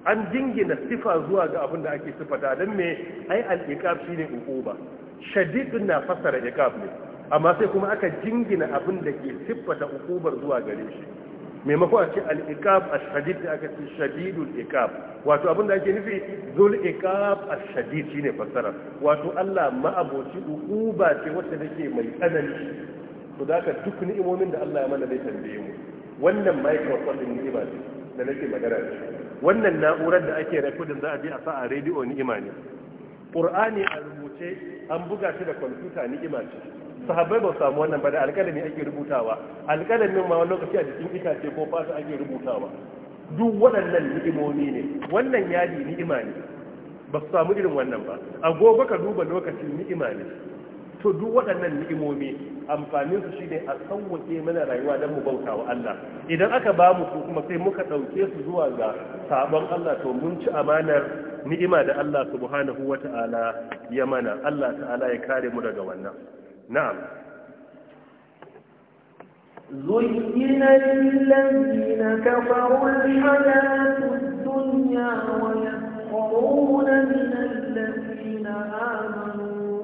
an jingina sifa zuwa ga abin da ake sifata don me ai al-iqab shine ukuba shadidun na fassara iqab ne amma sai kuma aka jingina abin da ke siffata ukubar zuwa gare shi maimako a ce al'iqab a shadid da aka ce shadidul iqab wato abin da ake nufi zul iqab a shadid shine fassara wato Allah ma'aboci ba ce wacce ke mai tsanani to da duk ni'imomin da Allah ya mana zai tambaye mu wannan microphone din ni'ima ce da nake magana da shi wannan na'urar da ake recording za a je a sa a rediyo ni'ima ne qur'ani a rubuce an buga shi da kwamfuta ni'ima ce sahabbai ba samu wannan ba da alƙalami ake rubutawa alƙalamin ma wani lokaci a jikin itace ko fata ake rubutawa duk waɗannan ni'imomi ne wannan yadi ni'ima ne ba su samu irin wannan ba gobe ka duba lokacin ni'ima ne to duk waɗannan ni'imomi amfanin su shine a sauwake mana rayuwa don mu bauta wa Allah idan aka ba mu su kuma sai muka ɗauke su zuwa ga sabon Allah to mun ci amanar ni'ima da Allah subhanahu wata'ala ya mana Allah ta'ala ya kare mu daga wannan نعم زين للذين كفروا الحياة الدنيا ويسخرون من الذين آمنوا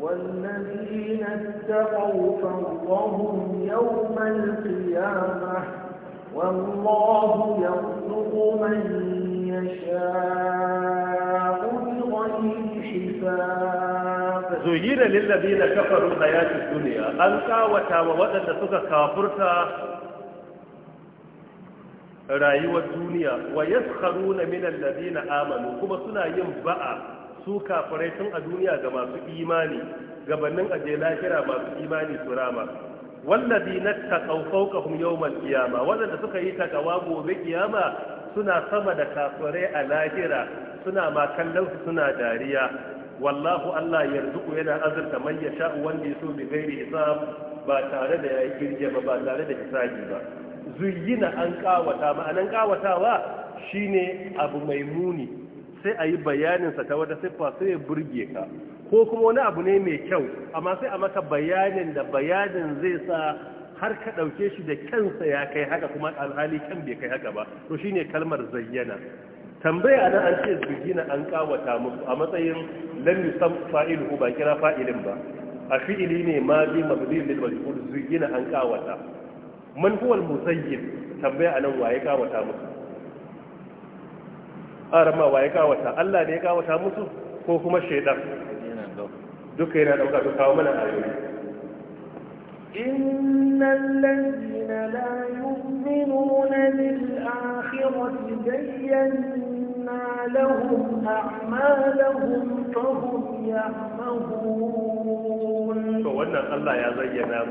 والذين اتقوا فوقهم يوم القيامة والله يرزق من يشاء بغير حساب zuhira lillazi na kafaru hayatun duniya an kawata wa waɗanda suka kafurta rayuwar duniya wa yaskharu na minan ladina amanu kuma suna yin ba'a su kafirai tun a duniya ga masu imani gabanin aje lahira masu imani turama? rama wallazi na taƙau fauƙahum yawmal kiyama waɗanda suka yi takawa gobe kiyama suna sama da kafirai a lahira suna ma kallon su suna dariya wallahu Allah yarzuku yana azurta man ya sha'u wanda ya so bi gairi hisab ba tare da yayi kirje ba ba tare da hisabi ba zuyyina an kawata ma'anan kawatawa shine abu mai muni sai a yi bayaninsa ta wata siffa sai ya burge ka ko kuma wani abu ne mai kyau amma sai a maka bayanin da bayanin zai sa har ka ɗauke shi da kyansa ya kai haka kuma alhali kan bai kai haka ba to shine kalmar zayyana tambaya nan an ce gina an kawata musu a matsayin sam yusam fa'iluhu ba kira fa'ilin ba a fi'ili ne ma bi da lil majhul zugina an kawata man huwa al musayyin tambaya nan waye kawata musu arama waye kawata Allah ne ya kawata musu ko kuma shaidar? duka yana dauka su kawo mana ayoyi إن الذين لا يؤمنون بالآخرة زينا لهم أعمالهم فهم يعمهون فوانا الله يا زينا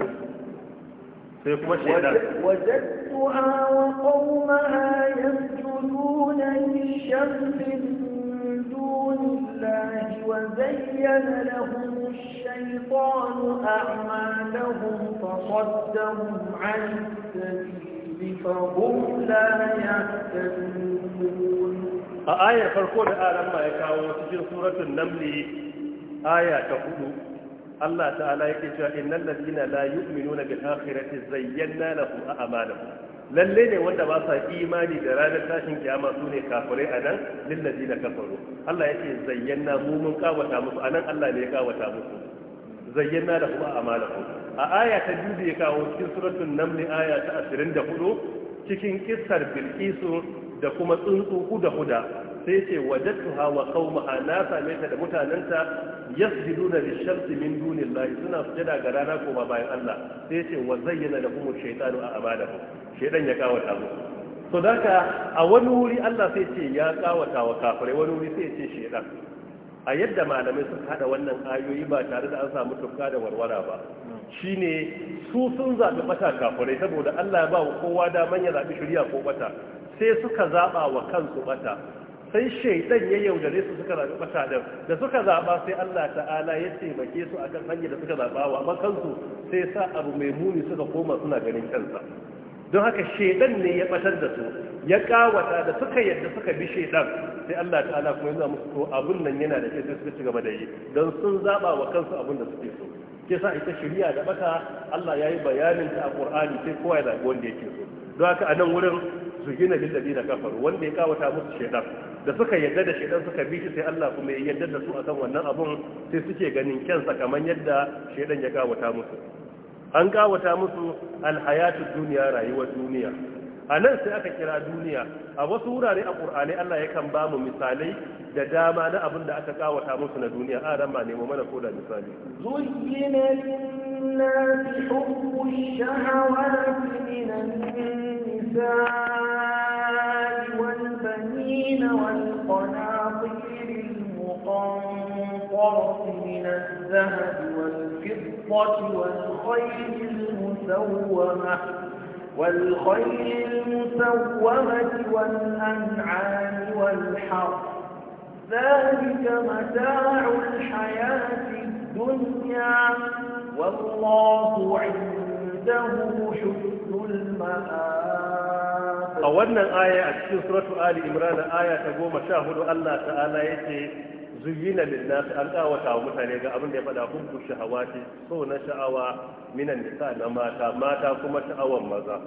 وجدتها وقومها يسجدون للشمس دون الله وزين لهم الشيطان أعمالهم فصدهم عن السبيل فهم لا يهتدون آية آل الله يكاو تجين سورة النمل آية تقول الله تعالى يكتب إن الذين لا يؤمنون بالآخرة زينا لهم أعمالهم lalle ne wanda ba sa imani da ranar tashin kiyama su ne kafirai a nan lillazi na kafaru Allah ya ce zayyana mu mun kawata musu a nan Allah ne ya kawata musu zayyana da kuma a aya ta biyu da ya kawo cikin suratul naml aya ta 24 cikin kissar Bilkisu da kuma tsuntsu huda huda sai ce wajadtuha wa qaumaha na same ta da mutananta yasjuduna lishamsi min dunillahi suna sujada ga rana ko bayan Allah sai ce wa zayyana lahum ash a a'malahum shedan ya kawata musu so daga a wani wuri Allah sai ce ya kawata wa kafirai wani wuri sai ce shedan a yadda malamai suka hada wannan ayoyi ba tare da an samu tufka da warwara ba shine su sun zaɓi bata kafirai saboda Allah ya ba wa kowa daman ya zaɓi shirya ko bata sai suka zaɓa wa kansu bata sai shaidan ya yaudare su suka zaɓi bata da da suka zaɓa sai Allah ta'ala ya taimake su akan hanyar da suka zaɓa wa amma kansu sai sa abu mai muni suka koma suna ganin kansa don haka shedan ne ya batar da su ya kawata da suka yadda suka bi shedan sai Allah ta'ala kuma yana musu to abun nan yana da kyau suka ci gaba da yi don sun zaba wa kansu abun da suke so ke sa ita shari'a da bata Allah ya yi bayanin ta a Qur'ani sai kowa ya zabi wanda yake so don haka a nan wurin zugina lil ladina kafaru wanda ya kawata musu shedan da suka yadda da shedan suka bi shi sai Allah kuma ya yadda da su akan wannan abun sai suke ganin kyansa kamar yadda shedan ya kawata musu an ƙawata musu alhayatu duniya rayuwar duniya a nan sai aka kira duniya a wasu wurare a ƙur'ani Allah yakan ba mu misalai da dama na abin da aka ƙawata musu na duniya a ran ma nemo mana ko da misali zuyyina المقنطرة من الذهب والفضة والخيل المسومة والخيل المسومة والأنعام والحرث ذلك متاع الحياة الدنيا والله عنده حسن المآب أولنا الآية aya سورة آل إمران آية تقوم شاهد الله تعالى يتي zuyina linnasi an kawata wa mutane ga abin da ya fada hubbu shahawati so na sha'awa minan nisa na mata mata kuma sha'awan maza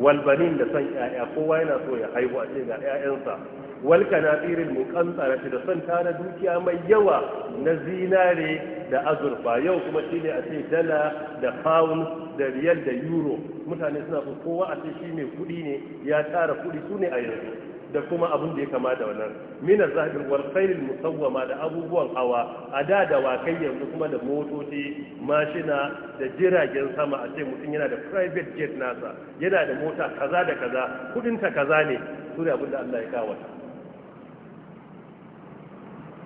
walbanin da san 'ya'ya kowa yana so ya haihu a ce ga ƴaƴansa wal kanatirin muqantarati da son tara dukiya mai yawa na zinare da azurfa yau kuma shine a ce dala da pound da riyal da euro mutane suna so kowa a ce shi mai kuɗi ne ya tara kuɗi sune a yanzu da kuma abin da ya kama da wannan mina zahabin wal musawwama da abubuwan hawa a da da wakai yanzu kuma da motoci mashina da jiragen sama a ce mutum yana da private jet nasa yana da mota kaza da kaza kudinta kaza ne su abin da Allah ya kawo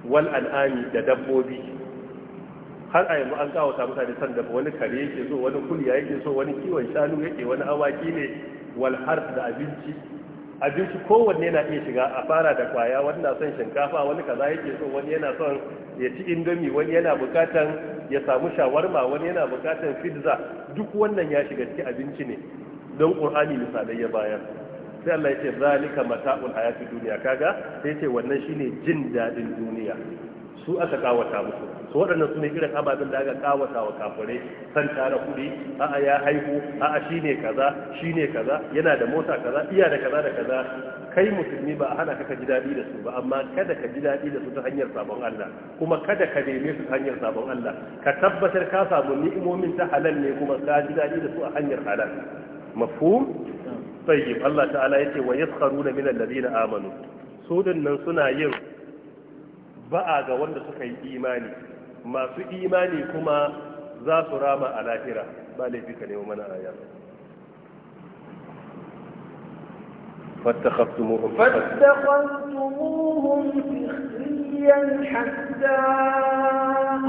wal al'ami da dabbobi har a yanzu an kawata mutane san da wani kare yake so wani kuliya yake so wani kiwon shanu yake wani awaki ne wal har da abinci abinci kowanne na iya shiga a fara da kwaya wani na son shinkafa wani kaza yake so wani yana son ya ci indomi wani yana bukatan ya samu shawarma wani yana bukatan pizza duk wannan ya shiga cikin abinci ne don qur'ani misalai ya bayar sai Allah ya ce zalika mata'ul hayatid duniya kaga sai ce wannan shine jin dadin duniya su aka kawata musu su waɗannan su ne irin ababen da aka kawata wa kafirai san tara kuɗi a'a ya haihu a'a shine kaza shine kaza yana da mota kaza iya da kaza da kaza kai musulmi ba a hana ka ji daɗi da su ba amma kada ka ji daɗi da su ta hanyar sabon Allah kuma kada ka neme su ta hanyar sabon Allah ka tabbatar ka samu ni'imomin ta halal ne kuma ka ji daɗi da su a hanyar halal mafhum tayyib Allah ta'ala yace wa yaskharuna min alladhina amanu su dinnan suna yin ba'a ga wanda suka yi imani masu imani kuma za su rama a lahira ba laifi ka nemo mana aya فاتخذتموهم فاتخذتموهم سخريا حتى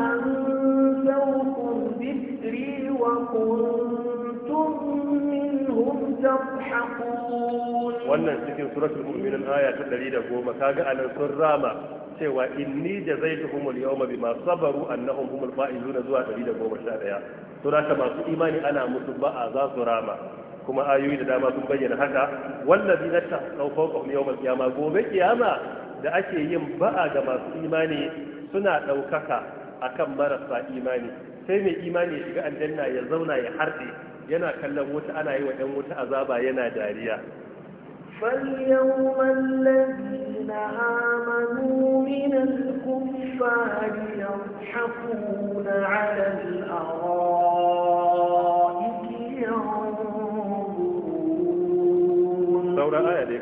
أنسوكم ذكري وكنتم منهم تضحكون wannan cikin suratul mu'minun aya ta 110 kaga anan sun rama cewa inni da zai tuhumul yawma masu sabaru annahum humul fa'iluna zuwa 111 to da masu imani ana musu ba'a za su rama kuma ayoyi da dama sun bayyana haka wallazi na ta sauko kawai yawmal kiyama gobe kiyama da ake yin ba'a ga masu imani suna ɗaukaka akan marasa imani sai mai imani ya shiga aljanna ya zauna ya harɗe yana kallon wuta ana yi wa 'yan wuta azaba yana dariya فاليوم الذين آمنوا من الكفار يضحكون على الأرائك ينظرون آية هل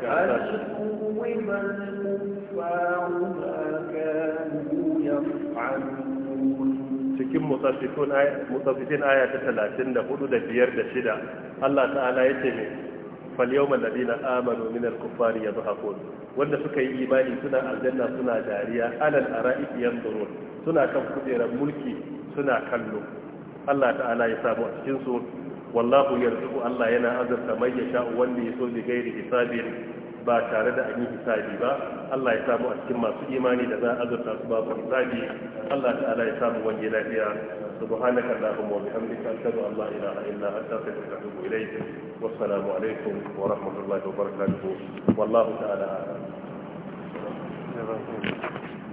كوب الكفار ما كانوا يفعلون cikin mutaffifin aya ta 34 da 5 da 6 Allah ta'ala yake ne falyawman da dina amano minar kufari ya zuha wanda suka yi imani suna aljanna suna dariya alal a ra'ifiyan duron suna kan kujerar mulki suna kallo allah ta'ala ya samu a cikinsu wallahu yarzuku allah yana azurta mai ya sha wanda ya so da gairi hisabin ba tare da an yi hisabi ba allah ya samu a cikin masu imani da za a azurta su babu hisabi allah ta'ala ya samu wani lafiya سبحانك اللهم وبحمدك أشهد أن لا إله إلا أنت أستغفرك وأتوب إليك والسلام عليكم ورحمة الله وبركاته والله تعالى أعلم